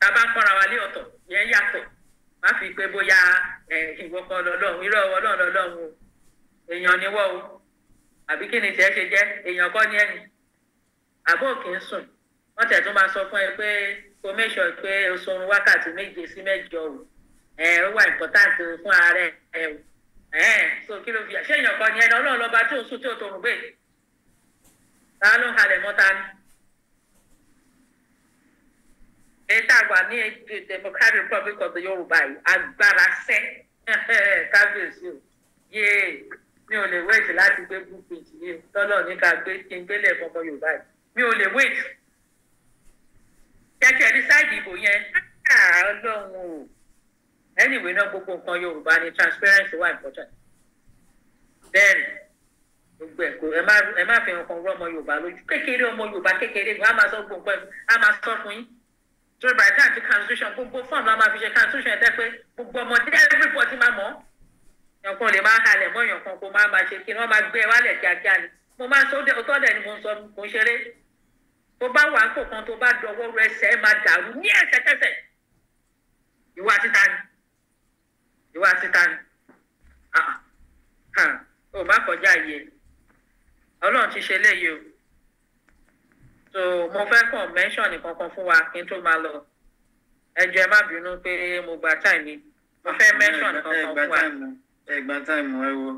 ká bá pọ́nra wa lé ọ̀tọ̀ yẹn yàtọ̀ má fi pé bóyá ìwọ kan lọ́lọ́run irọ́ ọlọ́run lọ́lọ́run o èèyàn ni wọ́ o àbí kí ni tẹ́ ṣe jẹ́ èèyàn kọ́ ni ẹni àbó kì í sùn wọ́n tẹ̀ tún máa sọ fún ẹ pé kó pé o sọrun wákàtí méje sí mẹ́jọ o ẹ̀ ó ìpọ́tàǹtì fún ààrẹ ẹ o so kí ló fi ṣé èèyàn kan yẹn lọ́lọ́run lọ́ba tí òun sùn tí ò tó rùn gbé ta ló ń halẹ̀ mọ́ta ni. ẹ̀ta àgbà ní Democratic Republic of the Yorùbá yìí agbára sẹ́ *laughs* kábíyèsí o yéé mi ò lè wéètì láti gbé blueprint yìí lọ́lọ́ ní ká gbé kí n gbélé ẹ̀fọn ọmọ Yorùbá yìí mi ò lè wéètì kẹ́kẹ́ ní sáìdì ìbò yẹn ah, ọlọ́run o anyway náà gbogbo nǹkan yorùbá ni transparency wà important then gbogbo ẹ má ẹ má fi nǹkan rú ọmọ yorùbá lójú kékeré ọmọ yorùbá kékeré gan a máa sọ gbogbo nǹkan a máa sọ fún yín tó bá tá àti constitution gbogbo fọ́ọ̀mù la máa fi ṣe constitution ẹ̀ tẹ́ pé gbogbo ọmọdé everybody máa mọ̀ yankan lè máa halẹ̀ mọ́ yankan kó máa máa ṣe kí wọ́n máa gbé ẹ wálẹ̀ kíákíá ni mo máa sọ ọtọ́ dẹ̀ ni mo ń sọ mo ń ṣeré tó bá wà ń kó kan tó bá dọwọ́ rẹ ẹsẹ̀ máa dàrú ní ẹsẹ̀kẹsẹ̀ ìwà títa ni ìwà títa ni ah, ah, ò bá kọjá yìí ọlọ́run ti ṣe léyìí o so mo fẹ́ kàn mẹ́ṣọ̀n nìkankan fún wa kí n tó máa lọ ẹ jọ̀ọ́ ẹ má bínú pé mo gba táì mi mo fẹ́ mẹ́ṣọ̀n nìkankan fún wa. ẹ gba táì mọ ẹ wo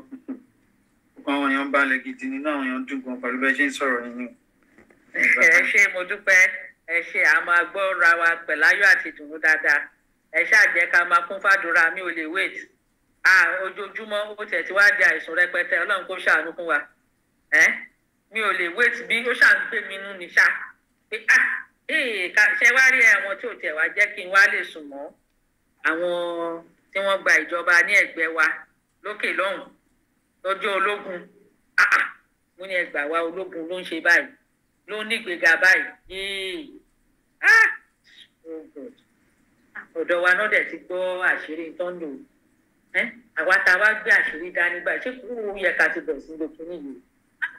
àwọn èèyàn balẹ̀ gidi nínú àwọn èèyàn dùn gan pẹ̀lú bẹ́ẹ̀ ṣe ń sọ̀rọ̀ nínú. ẹ ṣé mo dúpẹ́ ẹ ṣé àmọ́ agbóra wa pẹ̀láyọ̀ àti ìdùnnú dáadáa ẹ ṣáà jẹ́ ká máa kún fàdúrà mi ò lè wait ojoojúmọ́ ó tẹ̀ tí wàá di àìsàn rẹpẹtẹ ọlọ́run kó ṣàánú fún wa mi ò lè wait bí ó ṣáà ń gbé mi nú ni ṣá pé ah ṣe wá rí àwọn tí ò tẹ̀ wá jẹ́ kí n wá lè sùn mọ́ àwọn tí wọ́n gba ìjọba ní ẹ̀gbẹ́ wa lókè lọ́hùn lọ́jọ́ ológun mo ní ẹgbàá wa ológun ló ń ṣe báyìí ló ń nígbèga báyìí ọ̀dọ̀ wa náà dẹ̀ ti gbọ́ àṣírí tó ń lò àwa tá a wá gbé àṣírí dání báyìí ṣé kúrú yẹ ká ti bẹ̀rẹ̀ sí ló kí nìyí ah,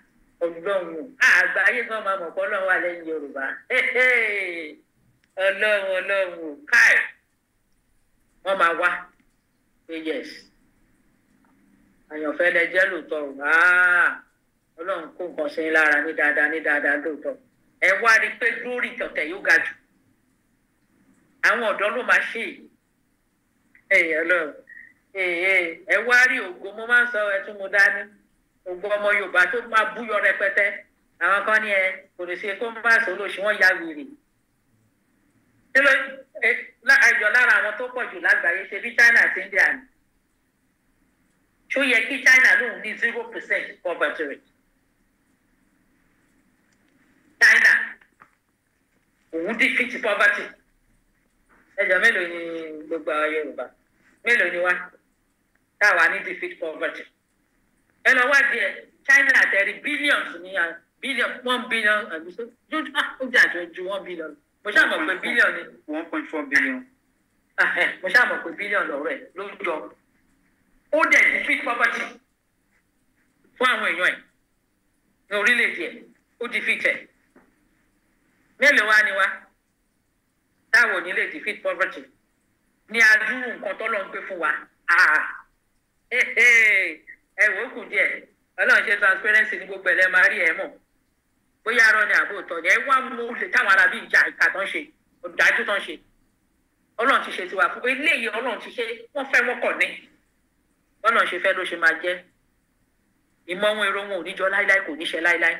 ọlọ́run ah, àgbà ayé kan máa mọ̀ kọ́ lọ́wọ́ alẹ́ ní yorùbá ọlọ́run ọlọ́run káì wọ́n máa wá pé yes àyànfẹ́ lẹ jẹ́ lóòótọ́ ah, ọlọ́run kó nǹkan ṣe ń lára ní dáadáa ní dáadáa lóòótọ́ ẹ wá rí i pé lórí ìtọ̀tẹ̀ yóò ga jù àwọn ọ̀dọ́ ló máa ṣe yìí ẹ Ọlọ́run ẹ wá rí ògo mo máa ń sọ ẹ tún mo dání ògo ọmọ Yorùbá tó máa búyọ rẹpẹtẹ àwọn kan ní ẹ kò ní ṣe kó má sọ lóṣù wọn ya wèrè nílò àjọ lára àwọn tó pọ̀ jù lágbàáyé ṣe bí China àti India ni ṣó yẹ kí China lóun ní zero percent poverty rate China òun defeat poverty ẹjọ́ mélòó ni gbogbo àwọn Yorùbá mélòó ni wá tá a wà ní defeat poverty ẹ lọ wá díẹ̀ China àtẹrí billions ní à billion one billion àbí so ju ah, ó jà jọ ju one billion mo ṣáà mọ̀ pé billion ni. one point four billion. Ah, eh, mo ṣáà mọ̀ pé billion lọ́rọ̀ ẹ̀ ló ń ó dẹ̀ defeat poverty fún àwọn èèyàn ẹ̀ ní orílẹ̀-èdè ẹ̀ ó defeat ẹ̀ mélòó wá ni wá táwọn ò ní lè defeat poverty ní adúrú nǹkan tọ́lọ́ ń gbé fún wa ah. ẹ wò ó kù díẹ̀ ọlọ́run ṣe transparency ní gbogbo ẹ̀lẹ́ máa rí ẹ mọ̀ bóyá arọ ni àbò tọ̀ ni ẹ wá mú olè táwọn arábí ìjà ìka tán ṣe ọ̀dájú tán ṣe ọlọ́run ti ṣe tiwa fún pé eléyìí ọlọ́run ti ṣe wọ́n fẹ́ wọ́n kọ̀ ní ọlọ́run ṣe fẹ́ ló ṣe máa jẹ́ ìmọ̀ wọn èrò wọn ò ní jọ láíláí kò ní ṣe láíláí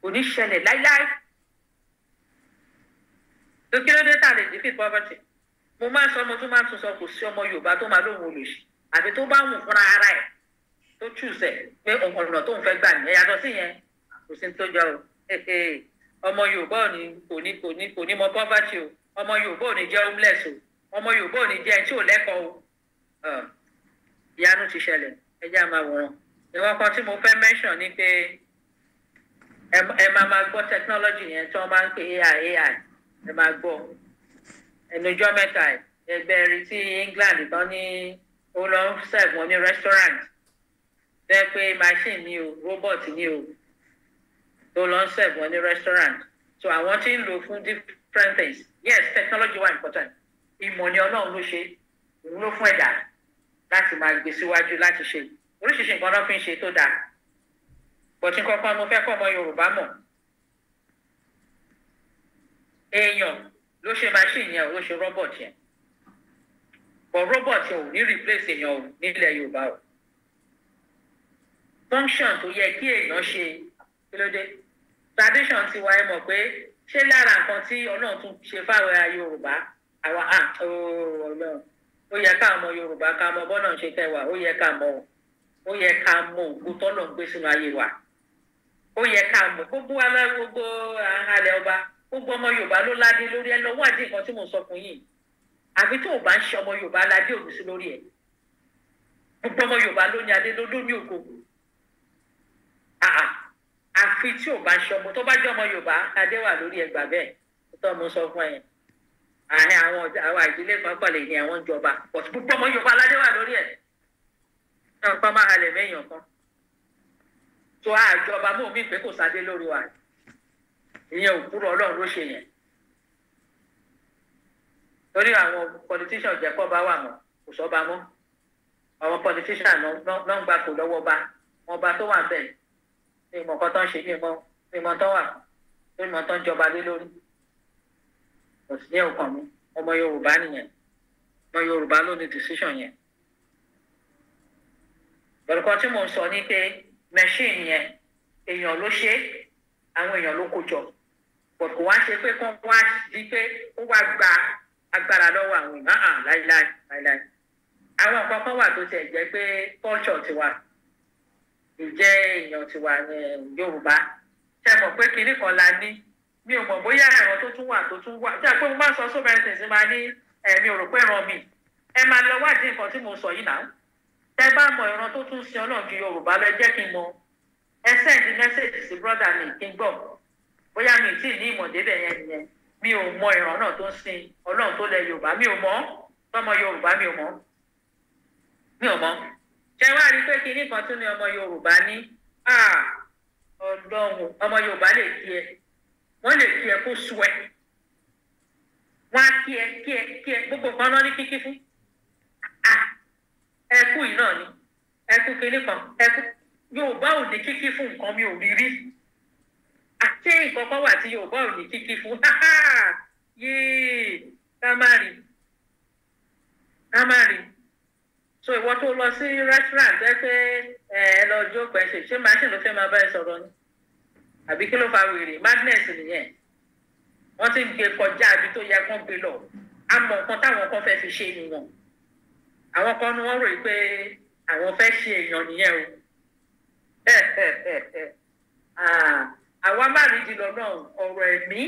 kò ní ṣẹlẹ̀ láíláí pé kí ló dé tà lè defeat poverty mo máa sọ ọmọ tó máa tún sọ kò sí ọmọ yorùbá tó máa lóun olùsí àbí tó bá wù fúnra ara ẹ̀ tó chùsẹ̀ pé ọ̀nà tó ń fẹ́ gbà nìyẹn yàtọ̀ sí kò sí tó jọ eh, eh, ọmọ yorùbá ò ní kò ní kò ní kò ní mọ poverty o ọmọ yorùbá ò ní jẹ́ homeless o ọmọ yorùbá ò ní jẹ́ ẹni tí ò lẹ́kọ̀ọ́ o ìyanu ti ṣẹlẹ̀ ẹ jẹ́ àmà wòran ìwọ kan tí mo fẹ́ mention ni pé ẹ máa máa gbọ́ technology yẹn tí wọ́n máa ń pè AI AI ẹ máa gbọ́ ẹnujọ́ mẹ́ta ẹgbẹ́ rí tí England tán ní ó lọ ń serve wọn ní restaurant fẹ́ pé machine ni o robot ni o tó lọ ń serve wọn ní restaurant so àwọn tí ń lò fún different things yes technology wa important ìmọ̀ ni ọlọ́run ló ṣe òun ló fún ẹ̀dá láti máa gbé síwájú láti ṣe oríṣiríṣi nǹkan náà fi ń ṣe tó dáa bọ̀tí kankan mo fẹ́ kọ́ ọmọ Yorùbá mọ̀ èèyàn ló ṣe machine yẹn ló ṣe robot yẹn but robot yẹn ò ní replace èèyàn o nílẹ̀ Yorùbá o function tó yẹ kí èèyàn ṣe kí ló dé tradition ti wáyé mọ̀ pé ṣé lára nǹkan tí Ọlọ́run tún ṣe fáwọn ará Yorùbá àwa à ah, oh, Ọlọ́run ó yẹ ká mọ Yorùbá ká mọ bọ́nà ṣe kẹwàá ó yẹ ká mọ ó yẹ ká mọ ògùn tọ́lọ̀ ń gbé sínú ayé wa ó yẹ ká mọ gbogbo alẹ́ gbogbo àhálẹ̀ ọba gbogbo ọmọ yorùbá ló ládé lórí ẹ lọ wádìí nǹkan tí mò ń sọ fún yìí àbí tó o bá ń ṣe ọmọ yorùbá ládé òru sí lórí ẹ gbogbo ọmọ yorùbá ló ní adé ló ní ògo àfi tí o bá ń ṣe ọmọ tó bá jẹ́ ọmọ yorùbá adé wà lórí ẹ gbà bẹ́ẹ̀ tó mo sọ fún ẹ àárín àwọn àwọn àdílé pàápàá ní àwọn ìjọba gbogbo ọmọ yorùbá ládé wà lórí ẹ náà máa halẹ̀ mẹ́yìn ọ̀kan tó àjọba mọ́ mi pé sáde lórí wa ìyẹn òkúrò ọlọ́run ló ṣe yẹn torí àwọn politician jẹ́ kọ́ bá wà mọ́ kò sọ́ba mọ́ àwọn politician náà ń gbà kó lọ́wọ́ bá wọn bá tó wà bẹ́ẹ̀ ní ìmọ̀ kan tó ṣe ní ìmọ̀ ní ìmọ̀ tó wà ní ìmọ̀ tó jọba lé lórí kò sí ní ọkàn mi ọmọ Yorùbá nìyẹn ọmọ Yorùbá ló ní decision yẹn lọ́dọ̀kan tí mò ń sọ ni pé machine yẹn èèyàn ló ṣe àwọn èèyàn ló kó jọ but wá ṣe pé kó wá di pé kó wá gba agbára lọ́wọ́ àwọn èèyàn hàn ah, ah, láíláí àwọn nǹkan kan wà tó tiẹ̀ jẹ́ pé culture tiwa ìjẹ́ èèyàn tiwa ní eh, Yorùbá ṣe mọ̀ pé kinní kan la ní mi ò mọ̀ bóyá ẹ̀rọ tó tún wà tó tún wà jẹ́ pé mo máa sọ so many things máa ní ẹ̀mí eh, ò rò pé ẹ̀rọ mi ẹ máa lọ wádìí nǹkan tí mo sọ yìí náà tẹ bá mọ ìran tó tún sí Ọlọ́run ju Yorùbá lọ ẹ jẹ́ kí n mọ ẹ send message sí brother mi kí n gbọ́ bóyá mi tí ì ní ìmọ̀ débẹ̀ yẹn nìyẹn mi ò mọ ìran náà tó ń sin ọlọ́run tó lẹ yorùbá mi ò mọ̀ tọmọ yorùbá mi ò mọ̀ mi ò mọ̀ ṣé wàá rí pé kinní kan tún ni ọmọ yorùbá ní ọlọ́run ọmọ yorùbá lè kí ẹ wọ́n lè kí ẹ kó sú ẹ wọ́n á kí ẹ kí ẹ kí ẹ gbogbo nǹkan náà ní kíkí fún ẹkú yìí náà ni ẹkú kinní kan ẹkú yorùbá ò ní kíkí fún nǹkan mi ò rí rí àṣé nǹkan wà tí yorùbá ò ní kíkí fún yéé ká má rí ká má rí so ìwọ tó lọ sí restaurant jẹ pé ẹ lọ jó pẹṣẹ ṣé machine ló fẹ́ máa bá ẹ sọ̀rọ̀ ni àbí kí ló fa wèrè madness nìyẹn wọ́n ti ń gbé kọjá àbí tó yẹ kán gbé lọ àmọ́ nǹkan táwọn kan fẹ́ fi ṣe nìyẹn àwọn kan ni wọ́n rò pé àwọn fẹ́ ṣe èèyàn nìyẹn o àwa má rí di lọ́nà ọ̀rọ̀ ẹ̀mí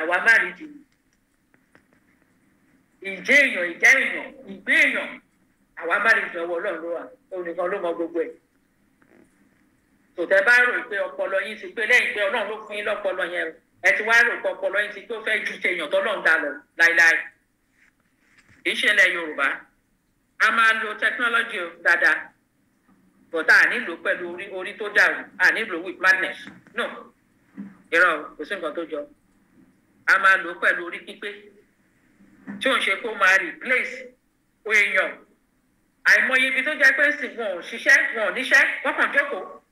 àwa má rí di ìjẹ́ èèyàn ìjẹ́ èèyàn ìgbé èèyàn àwa má rí di ọwọ́ ọlọ́run ló wà onìkan ló mọ gbogbo ẹ̀ tòtẹ́ bá rò pé ọpọlọ yín ti pé lẹ́yìn pé ọlọ́run ló fún yín lọ́pọlọ yẹn ẹ ti wá rò pé ọpọlọ yín ti pé ó fẹ́ ju tèèyàn tọ́lọ́run dà lọ láéláé ìṣẹ̀lẹ̀ yorùbá a máa lo technology dáadáa bọ̀tá à nílò pẹ̀lú orí tó dàrú à nílò with madness no irọ́ kò sí nǹkan tó jọ a máa lò ó pẹ̀lú orí pípé tí ò ń ṣe kó máa replace èèyàn àìmọye ibi tó jẹ́ pé sì wọn ò ṣiṣẹ́ wọn ò níṣẹ́ wọ́n kàn jókòó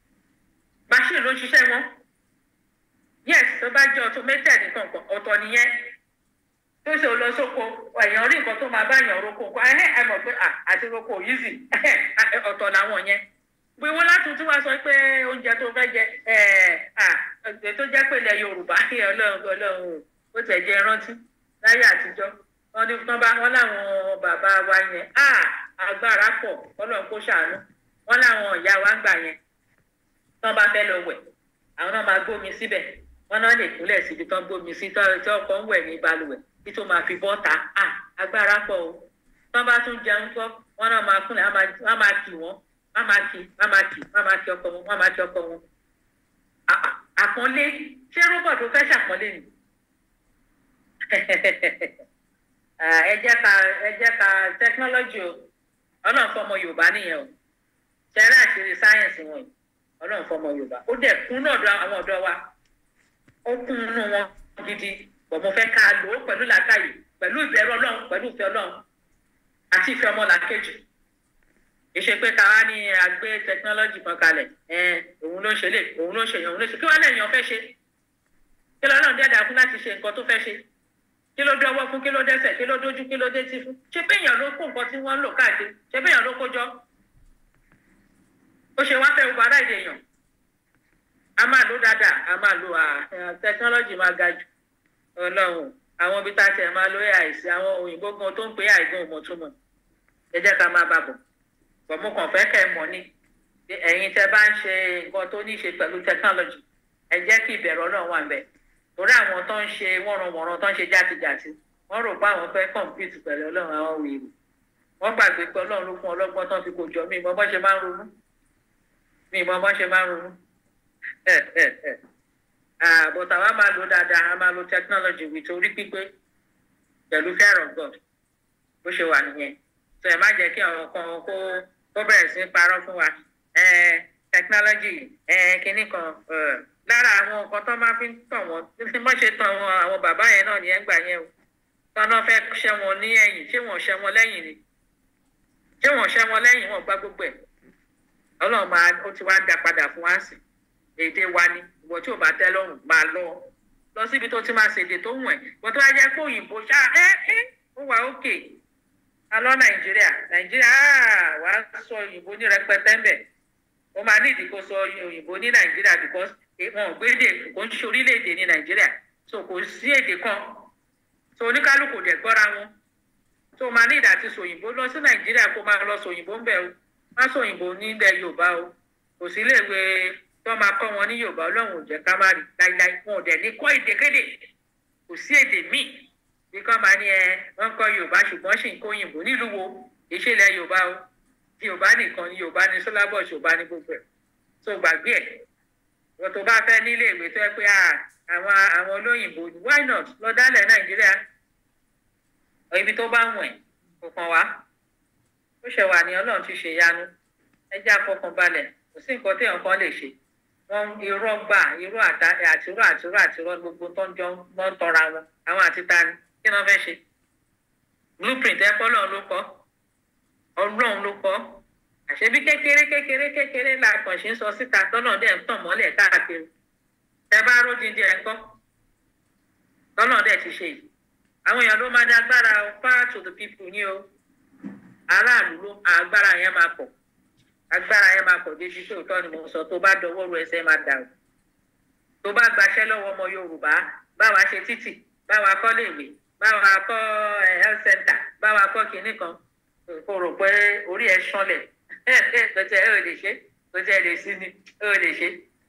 machine ló ń ṣiṣẹ́ wọn yes tó bá jẹ́ automated nǹkan ọ̀tọ̀ nìyẹn tó ṣe lọ sóko èèyàn rí nǹkan tó máa bá èèyàn roko nǹkan ẹ ẹ mọ̀ pé àti roko easy ọ̀tọ̀ làwọn yẹn pé wọ́n látún tí sọ pé oúnjẹ tó fẹ́ jẹ ọ̀jẹ̀ tó jẹ́ pé ilẹ̀ yorùbá ní ọlọ́run ọlọ́run ó tẹ̀ jẹ́ rántí láyé àtijọ́ wọn ní wọn bá wọn láwọn bàbá wa yẹn á agbára pọ̀ ọlọ́run kó ṣàánú wọn láwọn ìyá wa gbà yẹn tán bá fẹ́ lọ wẹ̀ àwọn náà máa gbómi síbẹ̀ wọn náà lè kúnlẹ̀ síbi tán gbómi sí tí ọkọ̀ ń wẹ̀ ní balùwẹ̀ kí tó máa fi bọ́ta á agbára pọ̀ o tán bá tún jẹun kọ́ wọn náà máa kúnlẹ̀ wọn máa kì wọ́n wọn máa kì wọn máa kì wọn máa kì ọkọ wọn wọn máa kì ọkọ wọn àpọ́nlé ṣé rúbọ̀ tó fẹ́ ṣàpọ́nlé ni *laughs* ẹ jẹ́ ká ẹ jẹ́ ká tẹkinọ́lọ́jì o ọlọ́run fọmọ yorùbá nìyẹn o ṣẹlẹ̀ àṣírí sáyẹ̀nsì wọn ọlọ́run fọmọ yorùbá ó dẹ̀ kún náà àwọn ọ̀dọ́ wa ó kún inú wọn gidi bọ̀ mo fẹ́ ká lò ó pẹ̀lú làákàyè pẹ̀lú ìbẹ̀rù ọlọ́run pẹ̀lú ìfẹ́ ọlọ́run àti ìfẹ́ ọmọ làkejì ìṣe pé káwa ní àgbé tẹkinọ́lọ́jì kan kalẹ̀ òun ló ń ṣe lè òun ló ń ṣe òun ló ń ṣe kí wọ́n lẹ́yìn ọ̀fẹ́ ṣe kí lọ́nà dẹ́dà fún láti ṣe nǹkan tó fẹ́ ṣe kí ló dọ́wọ́ fún kí ló dẹ́sẹ̀ kí ló dójú kí ló détí fún ṣé péyàn ló kó nǹkan tí wọ́n ń lò káàkiri ṣé péyàn ló kó ó ṣe wá fẹ́ gbogbo ará èdè èèyàn a máa lo dáadáa a máa lo tẹkinọ́lọ́jì máa ga jù ọlọ́run àwọn ibi tá a tẹ̀ máa lo ai sí àwọn òyìnbó gan tó ń pè é àìgbọ́n òmùtúmọ̀ ẹ jẹ́ ká máa bá but mo kàn fẹ́ kẹ́ ẹ mọ̀ ni ẹ̀yin tẹ́ bá ń ṣe nǹkan tó ní ṣe pẹ̀lú technology ẹ jẹ́ kí ìbẹ̀rù ọlọ́run wà bẹ̀ torí àwọn tó ń ṣe wọ́nranwọ̀nran tó ń ṣe játijàti wọ́n rò pé àwọn fẹ́ compete pẹ̀lú ọlọ́run àwọn wèrè wọ́n gbàgbé pé ọlọ́run ló fún ọlọ́gbọ́n tó ń fi kó jọ mí ìmọ̀ bọ́ ṣe máa ń ronú mi ìmọ̀ bọ́ ṣe máa ń ronú but àwa máa lo dáadáa a máa lo technology with orí pípé pẹ̀lú fear of God bó ṣe wà nìyẹn so ẹ má jẹ́ kí àwọn kan kó ó bẹ̀rẹ̀ sí parọ́ fún wa technology kínní kan lára àwọn nǹkan tó máa fi ń tàn wọ́n tí wọ́n ṣe tàn wọ́n àwọn bàbá yẹn náà nìyẹn gbà yẹn o tọ́nà fẹ́ ṣẹ́ wọn ní ẹ̀yìn ṣé wọ́n ṣẹ́ wọn lẹ́yìn ni ṣé wọ́n ṣẹ́ wọn lẹ́yìn wọ́n gbá gbogbo ẹ̀ ọlọ́run máa ó ti wá dá padà fún wa sí èdè wa ni ìwọ tí ò bá tẹ́ lọ́rùn máa lọ lọ síbi tó ti máa ṣèdè tó wù ẹ́ ìwọ tó wá jẹ́ kó òyìnbó ṣáà ẹ́ ẹ́ ó wà ókè alọ nàìjíríà nàìjíríà ah, wà á sọ òyìnbó ní rẹpẹtẹ ń bẹ ó máa ní ìdíkó sọ òyìnbó ní nàìjíríà because wọn ò gbédè kò ń ṣorílẹ̀-èdè ní nàìjíríà so kò sí èdè kan so oníkálukú dẹ̀ gbọ́ra wọn so máa ní ìdá àti sòyìnbó lọ sí nàìjíríà kó máa lọ sòyìnbó ń bẹ o má sòyìnbó nílẹ̀ yorùbá o kò sí iléèwé tó máa kọ́ wọn ní yorùbá ọlọ́run ò jẹ́ ká má rí láíláí wọn ò dẹ̀ ní kọ́ èdè kéde kò sí èdè míì bí kò máa ní ẹ wọ́n kọ́ yorùbá ṣùgbọ́n ṣì ń kó òyìnbó nílùú wo ìṣẹ̀lẹ̀ yorùbá o yorùbá nìkan ni yorùbá ni syllabus yorùbá ni gbogbo ẹ̀ tó gbàgbé ẹ̀ wọ́n tó bá fẹ́ nílé ìwé tó yẹ pé ah, àwọn àwọn olóyìnbó ni why not lọ dálẹ̀ nàìjíríà ibi tó bá wọ̀n kò kàn wá ó ṣe wà ní ọlọ́run ti ṣe yanu ẹ jẹ́ àfọkànbalẹ̀ kò sí nǹkan téèyàn kan lè ṣe wọn irọ́ gbà irọ́ àtirọ́ àtirọ́ àtirọ́ gbogbo tó ń jọ ń tọra wọn àwọn àti ta ni kí ni wọ́n ṣe blueprint ẹ kọ́ lọ́run ló kọ́ ọlọ́run ló kọ́ àṣebí kékeré kékeré kékeré la kànṣe ń sọ síta tọ́nà dẹ̀ ń tàn mọ́lẹ̀ káàkiri ẹ bá rójìndín ẹ kọ́ tọ́nà dẹ̀ ti ṣe yìí àwọn èèyàn ló máa ní agbára power to the people ní o aráàlú ló agbára yẹn máa pọ̀ agbára yẹn máa pọ̀ déjú tó tọ́ ni mo sọ tó bá dọwọ́ ru ẹsẹ̀ máa dà o tó bá gbaṣẹ́ lọ́wọ́ ọmọ Yorùbá báwa ṣe títì báwa kọ́lé ìwé báwa kọ́ eh, health center báwa kọ́ kinní kan kò rò pé orí ẹ̀ ṣanlẹ̀ *laughs* kò tẹ ẹ ò lè ṣe kò tẹ ẹ lè sí ni ẹ ò lè ṣe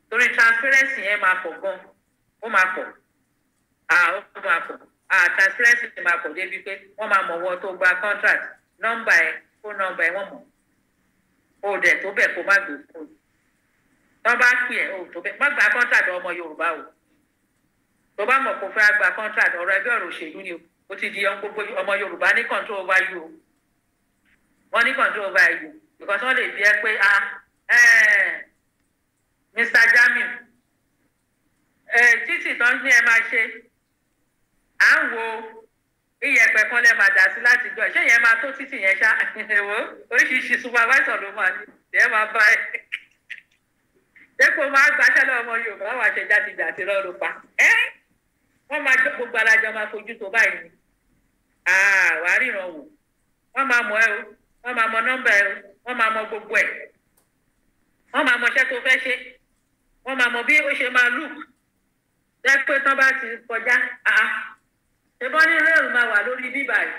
torí transparency yẹn máa pọ̀ gan ó máa pọ̀ ó máa pọ̀ transparency yẹn máa pọ̀ débi pé wọ́n máa mọ̀ wọ́n tó gba contract nọ́mbà ẹ̀ fóònù nọ́mbà ẹ̀ wọ́n mọ̀ o dẹ̀ tó bẹ̀ kó má gbé fóònù tọ́ bá pè ẹ́ o tó bẹ̀ má gba contract ọmọ Yorùbá o tó bá mọ̀ kó fẹ́ gba contract ọ̀rọ̀ ẹgbẹ́ ọ̀rọ̀ òṣèlú ni ó ti di ọmọ yorùbá ní control over you o wọ́n ní control over you because wọ́n lè bí ẹ pé ah eh, Mr. Jamiu eh, títì tó ń ní ẹ máa ṣe à ń wo iyẹ̀pẹ̀ kan lẹ́ẹ̀ máa dà sí láti jọ ṣé ìyẹn máa tó títì yẹn ṣá *laughs* ẹ̀wọ́ oríṣiríṣi supervisor ló máa ní ẹ̀ máa bá ẹ̀ dépò máa gbaṣẹ́ lọ́wọ́ ọmọ yorùbá wàá ṣe jáde jà sí lọ́rùn pa wọ́n máa jọ gbogbo alájọ máa fojú tó báyìí ni ah, wàá ríran wò wọ́n máa mọ̀ ẹ́ o wọ́n máa mọ̀ nọ́mbà ẹ̀ o wọ́n máa mọ̀ gbogbo ẹ̀ wọ́n máa mọ̀ iṣẹ́ tó fẹ́ ṣe wọ́n máa mọ̀ bí ó ṣe máa lù jẹ́ pé tán bá ti kọjá ṣe bọ́ ní rẹ́ẹ̀rù máa wà lórí bíbà yìí.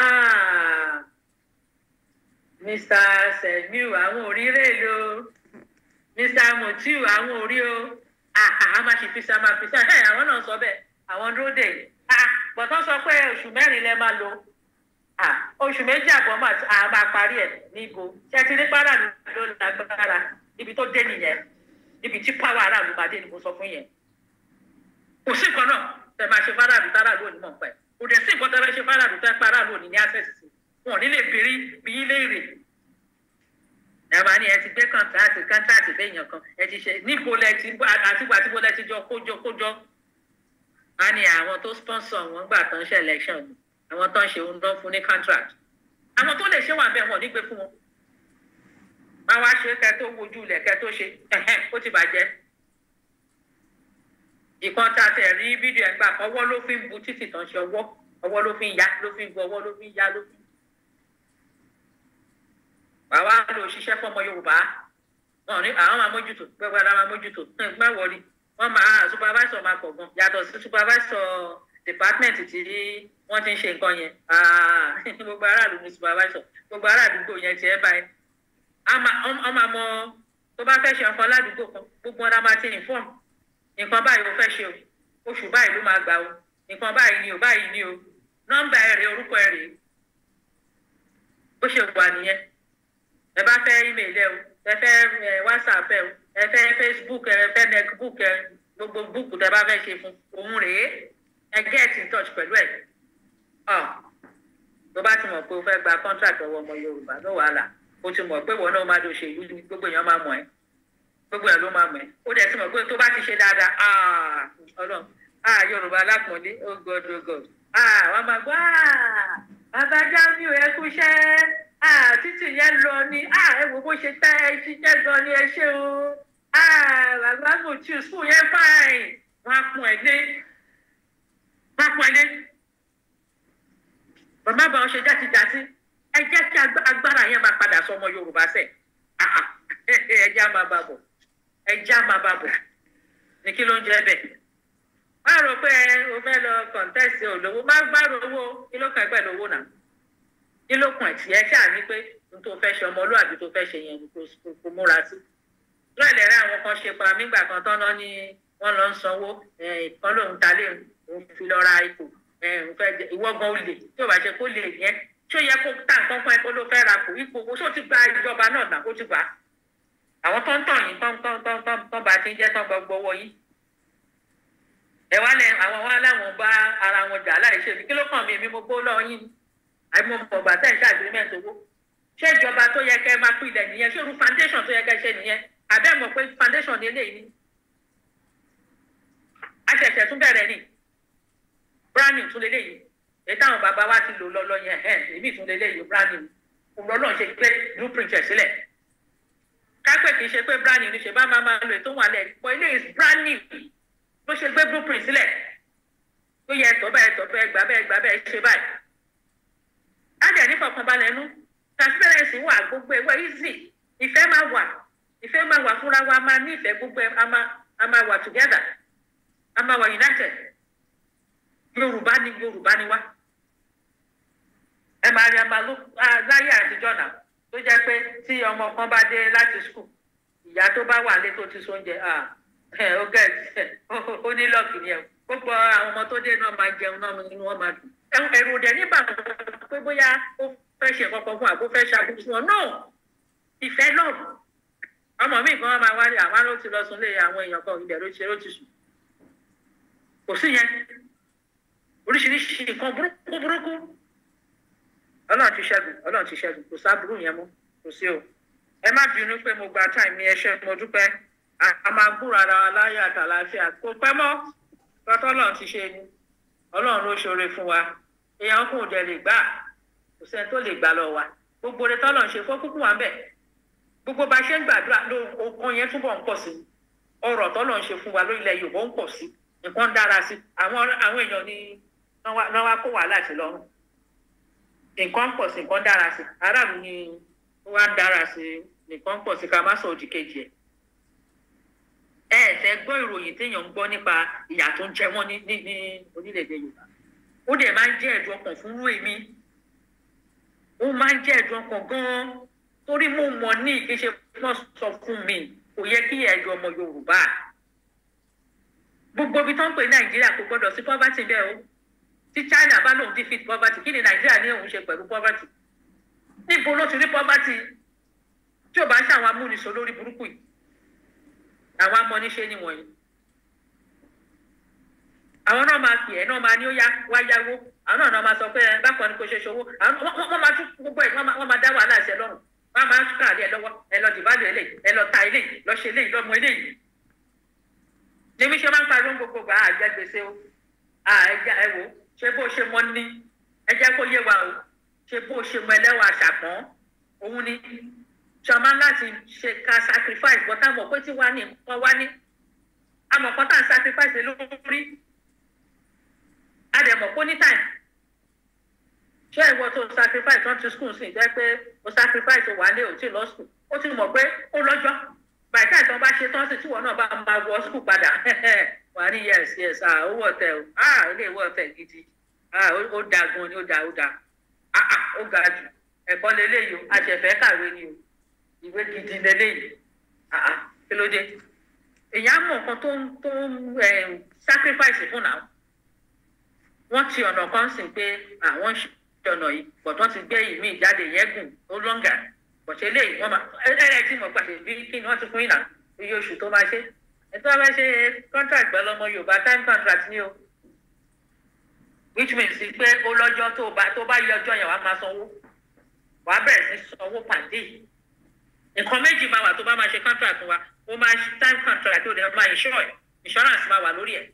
Ah. Mr. Semiu àwọn òrí rèé lo Mr. Mutiu àwọn òrí o. Ah, ah, a máa ṣe fisa máa fisa ẹ àwọn náà sọ bẹ́ẹ̀ àwọn dúró dè yìí ah, bọ̀tán sọ pé oṣù mẹ́rin lẹ máa lò oṣù méjì àbọ̀ máa máa parí ẹ̀ níbo ṣe ti ní pàrà mi ló lágbára ibi tó dé nìyẹn ibi tí pàwọ́ aráàlú bá dé ni mo sọ fún yẹn kò sí nǹkan náà tẹ máa ṣe fáráàlú táráàlú òní mọ̀ pẹ́ kò dẹ̀ sí nǹkan tẹ máa ṣe fáráàlú tẹ fáráàlú òní ní access wọn ò ní lè béèrè bí ilé ìrè ẹ máa ní ẹ ti gbé kọ́ńtàtì kọ́ńtàtì fẹ́yàn kan ẹ ti ṣe níbo lẹ ti àtìgbà tí mo lẹ ti jọ kójọ kójọ a ní àwọn tó sponsor wọn gbà tán ṣe election ni àwọn tó ń ṣe ń dán fún ní contract àwọn tó lè ṣe wà bẹ́ẹ̀ wọn nígbè fún wọn máa wá ṣe kẹ tó wojú ilẹ̀ kẹ tó ṣe ó ti bàjẹ́ ìkan tá a tẹ̀ rí fídíò ẹ̀ gbà ọwọ́ ló fi ń bu títì tán ṣe ọwọ́ ọwọ́ ló fi ń ya ló fi ń bu ọwọ́ ló fi ń ya ló fi ń wàá wá lò ṣiṣẹ́ fọmọ yorùbá wọn ní àwọn máa mójútó pẹ́pẹ́ ara máa mójútó má wọlé wọn máa supervisor máa pọ̀ gan yàtọ̀ sí supervisor department tí wọ́n ti ń ṣe nǹkan yẹn ah, *laughs* gbogbo aráàlú ni supervisor gbogbo aráàdúgbò yẹn ti ẹ́ báyìí ọmọ àmọ́ tó bá fẹ́ ṣe nǹkan ládùúgbò kan gbogbo ọ̀nà máa ti inform nǹkan báyìí ó fẹ́ ṣe o oṣù báyìí ló máa gbà o nǹkan báyìí ni o báyìí ni o nọ́mbà ẹ̀rẹ̀ orúkọ ẹ̀rẹ̀ bó ṣe wà nìyẹn ẹ bá fẹ́ email ẹ o ẹ fẹ́ whatsapp ẹ o ẹ fẹ́ facebook ẹ fẹ́ netbook ẹ gbogbo búùkù tẹ bá fẹ́ ṣe fún òun rèé ẹ get in touch pẹ̀lú ẹ ọ tó bá ti mọ̀ pé o fẹ́ gba contract ọwọ́ ọmọ yorùbá ló wàhálà o ti mọ̀ pé wọn náà máa dòṣe ìlú ni gbogbo èèyàn máa mọ̀ ẹ́ gbogbo ẹ̀ ló máa mọ̀ ẹ́ ó dẹ̀ ti mọ̀ pé tó bá ti ṣe dáadáa ah ọlọ́run ah yorùbá alápọ̀nlé oh god oh god ah wọ́n máa gbọ́ ah bàbá jamiu ẹ kúṣẹ́ títì yẹn lọ ni ẹ wò bó ṣe tẹ́ ẹ ti jẹ́ gan ni ẹ ṣe o bàbá Mutí skul yẹn fáìn wọn á pọn ẹ dé wọn á pọn ẹ dé bàbá bá wọn ṣe játijàti ẹ jẹ́ kí agbára yẹn máa padà sọmọ Yorùbá sẹ̀ ẹ jẹ́ àmà bàbọ̀ ẹ jẹ́ àmà bàbọ̀ ní kí ló ń jẹ́ bẹ́ẹ̀ má rò pé o fẹ́ lọ kọ̀ǹtẹ́sì olówó má gbàrò owó kí ló kàn pẹ̀lú owó náà nílòkùn ẹ̀ tiẹ̀ ṣáà ní pé n tó fẹ́ ṣe ọmọlúwàbí tó fẹ́ ṣe yẹn kò múra sí. lọ́ọ̀lẹ̀ rẹ àwọn kan ṣe pa nígbà kan tán ní wọ́n lọ ń sanwó kan lòun ta lé òun fi lọ ra ipò ìwọ́gbọ́n olè tí ò bá ṣe kó lè yẹn tí ó yẹ kó tà nǹkan fún kó ló fẹ́ kò ipò kó tó ti gba ìjọba náà gbà kó ti gbà àwọn tó ń tàn yín tán bá ti ń jẹ́ tán gbogbo owó ẹ wá lẹ àwọn wá láwọn bá ara wọn jà láì ṣe kí ló kàn mí èmi mo gbó lọ yín ni àìmọ̀mọ̀ ọ̀gbà tẹ̀ ń ṣe agreement owó ṣé ìjọba tó yẹ kẹ́ máa pilẹ̀ nìyẹn ṣé irú foundation tó yẹ kẹ́ ṣe nìyẹn àbẹ́ mọ̀ pé foundation ni eléyìí ni àṣẹ̀ṣẹ̀ tún bẹ̀rẹ̀ ni brand new tún leléyìí èyí táwọn bàbá wa ti lò lọ́lọ́ yẹn ẹ̀ èmi tún leléyìí brand new òun lọ́nà ṣe gbé blueprint ẹ̀ sílẹ̀ kápẹ́ kì í ṣe pé brand new ni ṣe bá máa máa lo ètò wọn alẹ́ pọ̀ ilé is brand new ló ṣe gbé blueprint sílẹ̀ ó yẹ ẹ̀tọ́ bẹ́ẹ̀ ẹ̀tọ́ bẹ́ẹ̀ gbà bẹ́ẹ̀ gbà bẹ́ẹ̀ ṣe báyìí á dẹ̀ ní fọkànbalẹ̀ nú transparency wà gbogbo ẹ̀ wà ife ma máa wà máa wà wa máa ní gbogbo ama a máa a máa wà together a máa wà united yorùbá ni yorùbá ni wa ẹ máa rí a máa ló láyé àtijọ́ náà tó jẹ́ pé tí ọmọ kan bá dé láti school ìyá tó bá wà lé tó ti so oúnjẹ *laughs* ó ó gbogbo àwọn ọmọ tó dé náà máa jẹun náà nínú wọn máa dùn ẹrù dẹ nígbà pé bóyá ó fẹ́ ṣe kankan fún àbó fẹ́ ṣàkóso wọn náà ìfẹ́ náà ọmọ mi kan máa wá rí àwọn ló ti lọ sùnlé àwọn èèyàn kan ibẹ̀ ló ṣe ló ti sùn kò sí yẹn oríṣiríṣi nǹkan burúkú burúkú ọlọ́run ti ṣẹ́gun ọlọ́run ti ṣẹ́gun kò sábúrú yẹn mọ́ kò sí o ẹ má bínú pé mo gba táìmì ẹ mo dúpẹ́ a máa gbúra ara wa láyé àtàlàáfíà kò pẹ́ mọ́ bàtà ọlọ́run ti ṣe ni ọlọ́run ló ṣoore fún wa èèyàn kún un jẹ lè gbà kò sẹ́ni tó lè gbà lọ wa gbogbo rẹ tọ́lọ̀ ń ṣe fún kúkú wa ń bẹ̀ gbogbo bá ṣe ń gbàdúrà ló okun yẹn túbọ̀ ń pọ̀ sí ọrọ̀ tọ́lọ̀ ń ṣe fún wa lórílẹ̀ Yorùbá ń pọ̀ sí nǹkan dára sí àwọn àwọn èèyàn ni wọ́n wá kó wàhálà sí lọ́rùn nǹkan pọ̀ sí nǹkan dára sí aráàlú ni wọ́n dára sí nǹkan pọ̀ sí ká má sọ òdì kejì ẹ̀ ẹ ẹ fẹ́ gbọ́ ìròyìn téèyàn ń gbọ́ nípa ìyà tó ń jẹ wọ́n ní ní ní orílẹ̀ yorùbá ó dẹ̀ máa ń jẹ́ ẹ̀dùn ọkàn fún rú èmi ó máa ń jẹ́ ẹ̀dùn ọkàn gan torí mo mọ̀ ní kì í sọ fún mi kò yẹ kí ẹ̀dùn ọmọ yorùbá gbogbo ibi tó ń pè nàìjíríà kò gbọdọ̀ sí poverty bẹ́ẹ̀ o tí china bá lòun defeat poverty kí ni nàìjíríà ní òun ṣe pẹ̀lú poverty níbo ló ti rí poverty tí ò bá ṣàwọn amúnisọ lórí burúkú yìí àwa mọ níṣe ni wọ̀nyí àwọn náà máa pè ẹ náà máa ní ó yá wá yáwó àwọn náà náà máa sọ pé ẹ bákan ni kò ṣe ṣòwò wọ́n máa tún gbogbo ẹ wọ́n máa dá wàhálà ṣe lọ́rùn wọ́n máa tún káàdé ẹ lọ́wọ́ ẹ lọ dìbàdàn ẹ lè ẹ lọ ta ilé lọ ṣe ilé lọmọ ilé yìí níbi ṣe máa ń pariwo gbogbo gbà á jẹ gbèsè o à ẹja ẹ wò ṣé bó ṣe mọ ní ẹjẹ kó yé wa o ṣé bó ṣe mọ ẹlẹ́wà ṣàpọ́n òun ni ṣọmọ láti ṣe ka sacrifice bọ́tà mọ̀ pé tí wà ní nǹkan wá ní amọ̀kan tá à ń sacrifice lórí adẹ̀mọ̀ kó ní time ṣé ìwọ tó sacrifice wọn ti school sí jẹ́ pé o sacrifice wà lé o ti lọ school ó ti mọ̀ pé ó lọ́jọ́ by time tí wọ́n bá ṣe tán sí tíwọ́ náà bá máa wọ school padà *laughs* wà ní yes yes ah ó wọ̀ tẹ̀ o ah ilé ìwọ̀ tẹ̀ gidi ah ó da gan ni ó da ó da ah ah ó ga jù ẹ̀kọ́ lélẹ́yìí o àṣẹfẹ́ kàwé ni o ìwé gidi lélẹ́yìí ah, ah, kí ló dé èèyàn á mọ nǹkan tó ń tó ń sacrifice fún náà wọ́n ti ọ̀nà kan sìn pé àwọn ń ṣe ọ̀nà yìí bọ̀tán ti gbé ìmí ìjáde yẹn gùn ó lọ́ngà bọ̀tẹ́ lè wọ́n máa ẹ̀rẹ́ tí mo pàṣẹ bí kí ni wọ́n ti fún ìlà iye oṣù tó máa ṣe ẹ̀tọ́ bá ṣe contract pẹ̀lú ọmọ Yorùbá time contract ni o which means pé ó lọ́jọ́ tó bá tó bá yẹ ọjọ́ yẹn wàá máa sanwó wàá bẹ̀rẹ̀ sí sanwó pàdé yìí nǹkan méjì máa wà tó bá máa ṣe contract wa ó máa time contract ó dẹ̀ máa insure insurance máa wà lórí ẹ̀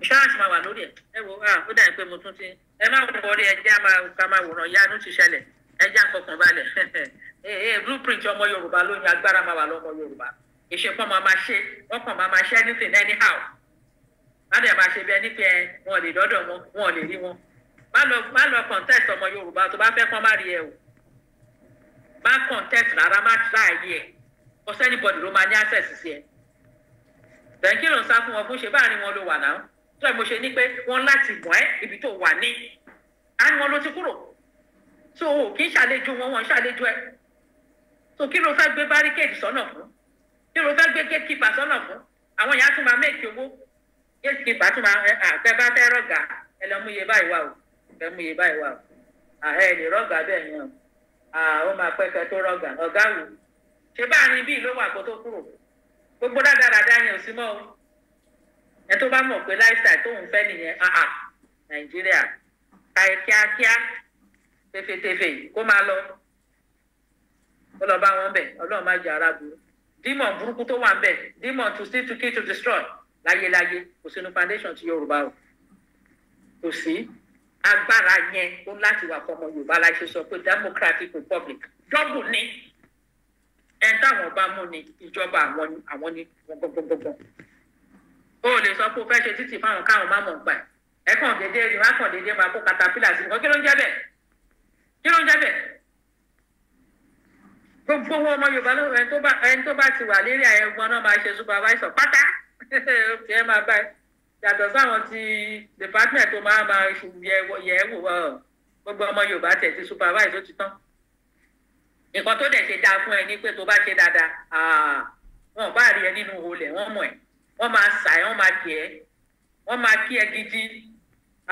insurance máa wà lórí ẹ̀ ẹ wo ah, ó dà pé mo tún ti ẹ má wọlé ẹjẹ́ ká máa wòran yánú ti ṣẹlẹ̀ ẹjẹ́ àkọkàn balẹ̀ *laughs* ee eh, eh, blueprint ọmọ Yorùbá ló ní agbára máa wà lọ́mọ Yorùbá ìṣepọ̀ máa máa ṣe wọ́n máa máa ṣe anything anyhow má dẹ̀ máa ṣe bí ẹni pé wọn ò lè dọ́dọ̀ wọn wọn ò lè rí wọn má lọ má lọ contest ọmọ Yorùbá tó bá fẹ́ kán má rí ẹ o má contest rárá má try yẹ kò sẹ́nibọ̀dì ló máa ní access sí ẹ then ló ń sá fún wọn fún ṣe báàrin wọn ló wà náà tó ẹ mo ṣe ní pé wọn láti mọ ẹ ibi tó wà ní àárín wọn ló ti kúrò so o kì í ṣàlejò wọn wọn ṣàlejò ẹ so kí ló fẹ́ gbé barricade sọ́nà fún kí ló fẹ́ gbé gatekeeper sọ́nà fún àwọn èèyàn tún máa méèkì owó gatekeeper tún máa àgbẹ̀ ah, bá fẹ́ rọ̀gà ẹ lọ mú iye báyìí wá o ẹ mú iye báyìí wá o àhẹ́ ah, ẹ lè rọ̀gà bẹ́ẹ̀ yẹn o. Ah, ó máa pẹ́ kẹ́ tó rọ̀gà ọ̀gá wò ṣé báàrin bíi ló wà kó tó kúrò gbogbo dáadáa yẹn ò sí mọ́ o ẹ tó bá mọ̀ pé lifestyle tóun fẹ́ nìyẹn àà nàìjíríà káyé kíákíá tefetefe kó máa lọ kó lọ bá wọn bẹ ọlọ́run má jẹ ara burú dímọ̀ burúkú tó wà ń bẹ dímọ̀ to steal to kill to destroy láyéláyé kò sínú foundation ti yorùbá o kò sí agbára yẹn ó láti wà fọmọ yorùbá la sọ pé democratic republic dọ́gbù ni ẹ táwọn bá mú ni ìjọba àwọn ni àwọn ni wọn gbọgbọgbọgbọ o lè sọ pé o fẹ́ ṣe títì fáwọn káwọn má mọ̀ gbà ẹ kàn déédéé ẹ má kàn déédéé máa kó katapila sí nǹkan kí ló ń jẹ́ bẹ́ẹ̀ kí ló ń jẹ́ bẹ́ẹ̀ gbogbo owó ọmọ yorùbá ló ẹni tó bá ti wà lérí àyẹ̀wò náà máa ṣe supervisor pátá *laughs* ẹ máa báyìí yàtọ̀ sáwọn ti department tó máa ma yẹ̀ wò gbogbo ọmọ Yorùbá tẹ̀ ti supervise ó ti tán nǹkan tó dẹ̀ ṣe dáa fún ẹ ní pé tó bá ṣe dáadáa wọn bá rí ẹ nínú olè wọn mọ̀ ẹ́ wọ́n máa sà ẹ́ wọ́n máa kì ẹ́ wọ́n máa kí ẹ gidi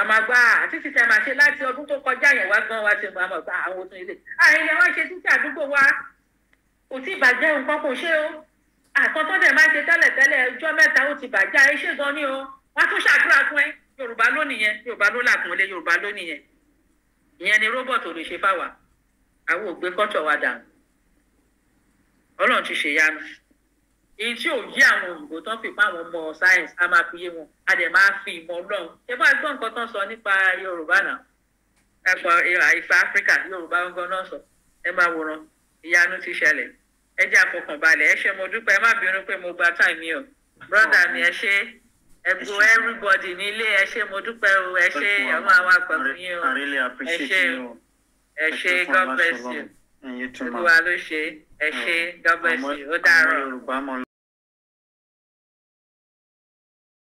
àmàgbà títí tẹ màá ṣe láti ọdún tó kọjá yẹn wá gan wá ṣe mọ àmàgbà àwọn oṣù ilé àìyẹ wọn ṣe títí àdúgbò wa kò tí ì bàjẹ́ nǹkan kò ṣe o àkọ́tọ́ dẹ̀ máa ṣe tẹ́lẹ̀tẹ́lẹ̀ ọjọ́ mẹ́ta ó ti bàjẹ́ àìṣègùn ni o wọ́n tún ṣàdúrà fún ẹ yorùbá ló nìyẹn yorùbá ló làkúnlé yorùbá ló nìyẹn ìyẹn ni róbọ̀tì olùṣe fáwa àwọn ògbé kọ́tọ̀ wa dànù ọlọ́run ti ṣèyanu èyí tí ò yí àwọn òyìnbó tán fi pa àwọn ọmọ science a máa fi yé wọn a dẹ̀ máa fi ìmọ̀ ọlọ́run ṣé bá gbọ́ nǹkan tán sọ nípa yorùbá náà ẹ̀pọ̀ ìfà áfíríkà yorùbá gangan náà sọ ẹ máa wòran ìyanu ti ṣẹlẹ̀ ẹ jẹ́ àfọkànbalẹ̀ ẹ ṣé mo dúpẹ́ ẹ má bínú pé mo gba táìmì o brọ́dà mi ẹ ṣé ẹ̀bùn everybody ní ilé ẹ mo dúpẹ́ o ẹ ọmọ àwọn àpapọ̀ yín o ẹ ṣé God bless you olúwa ló ṣe ẹ God bless you ó dàárọ̀.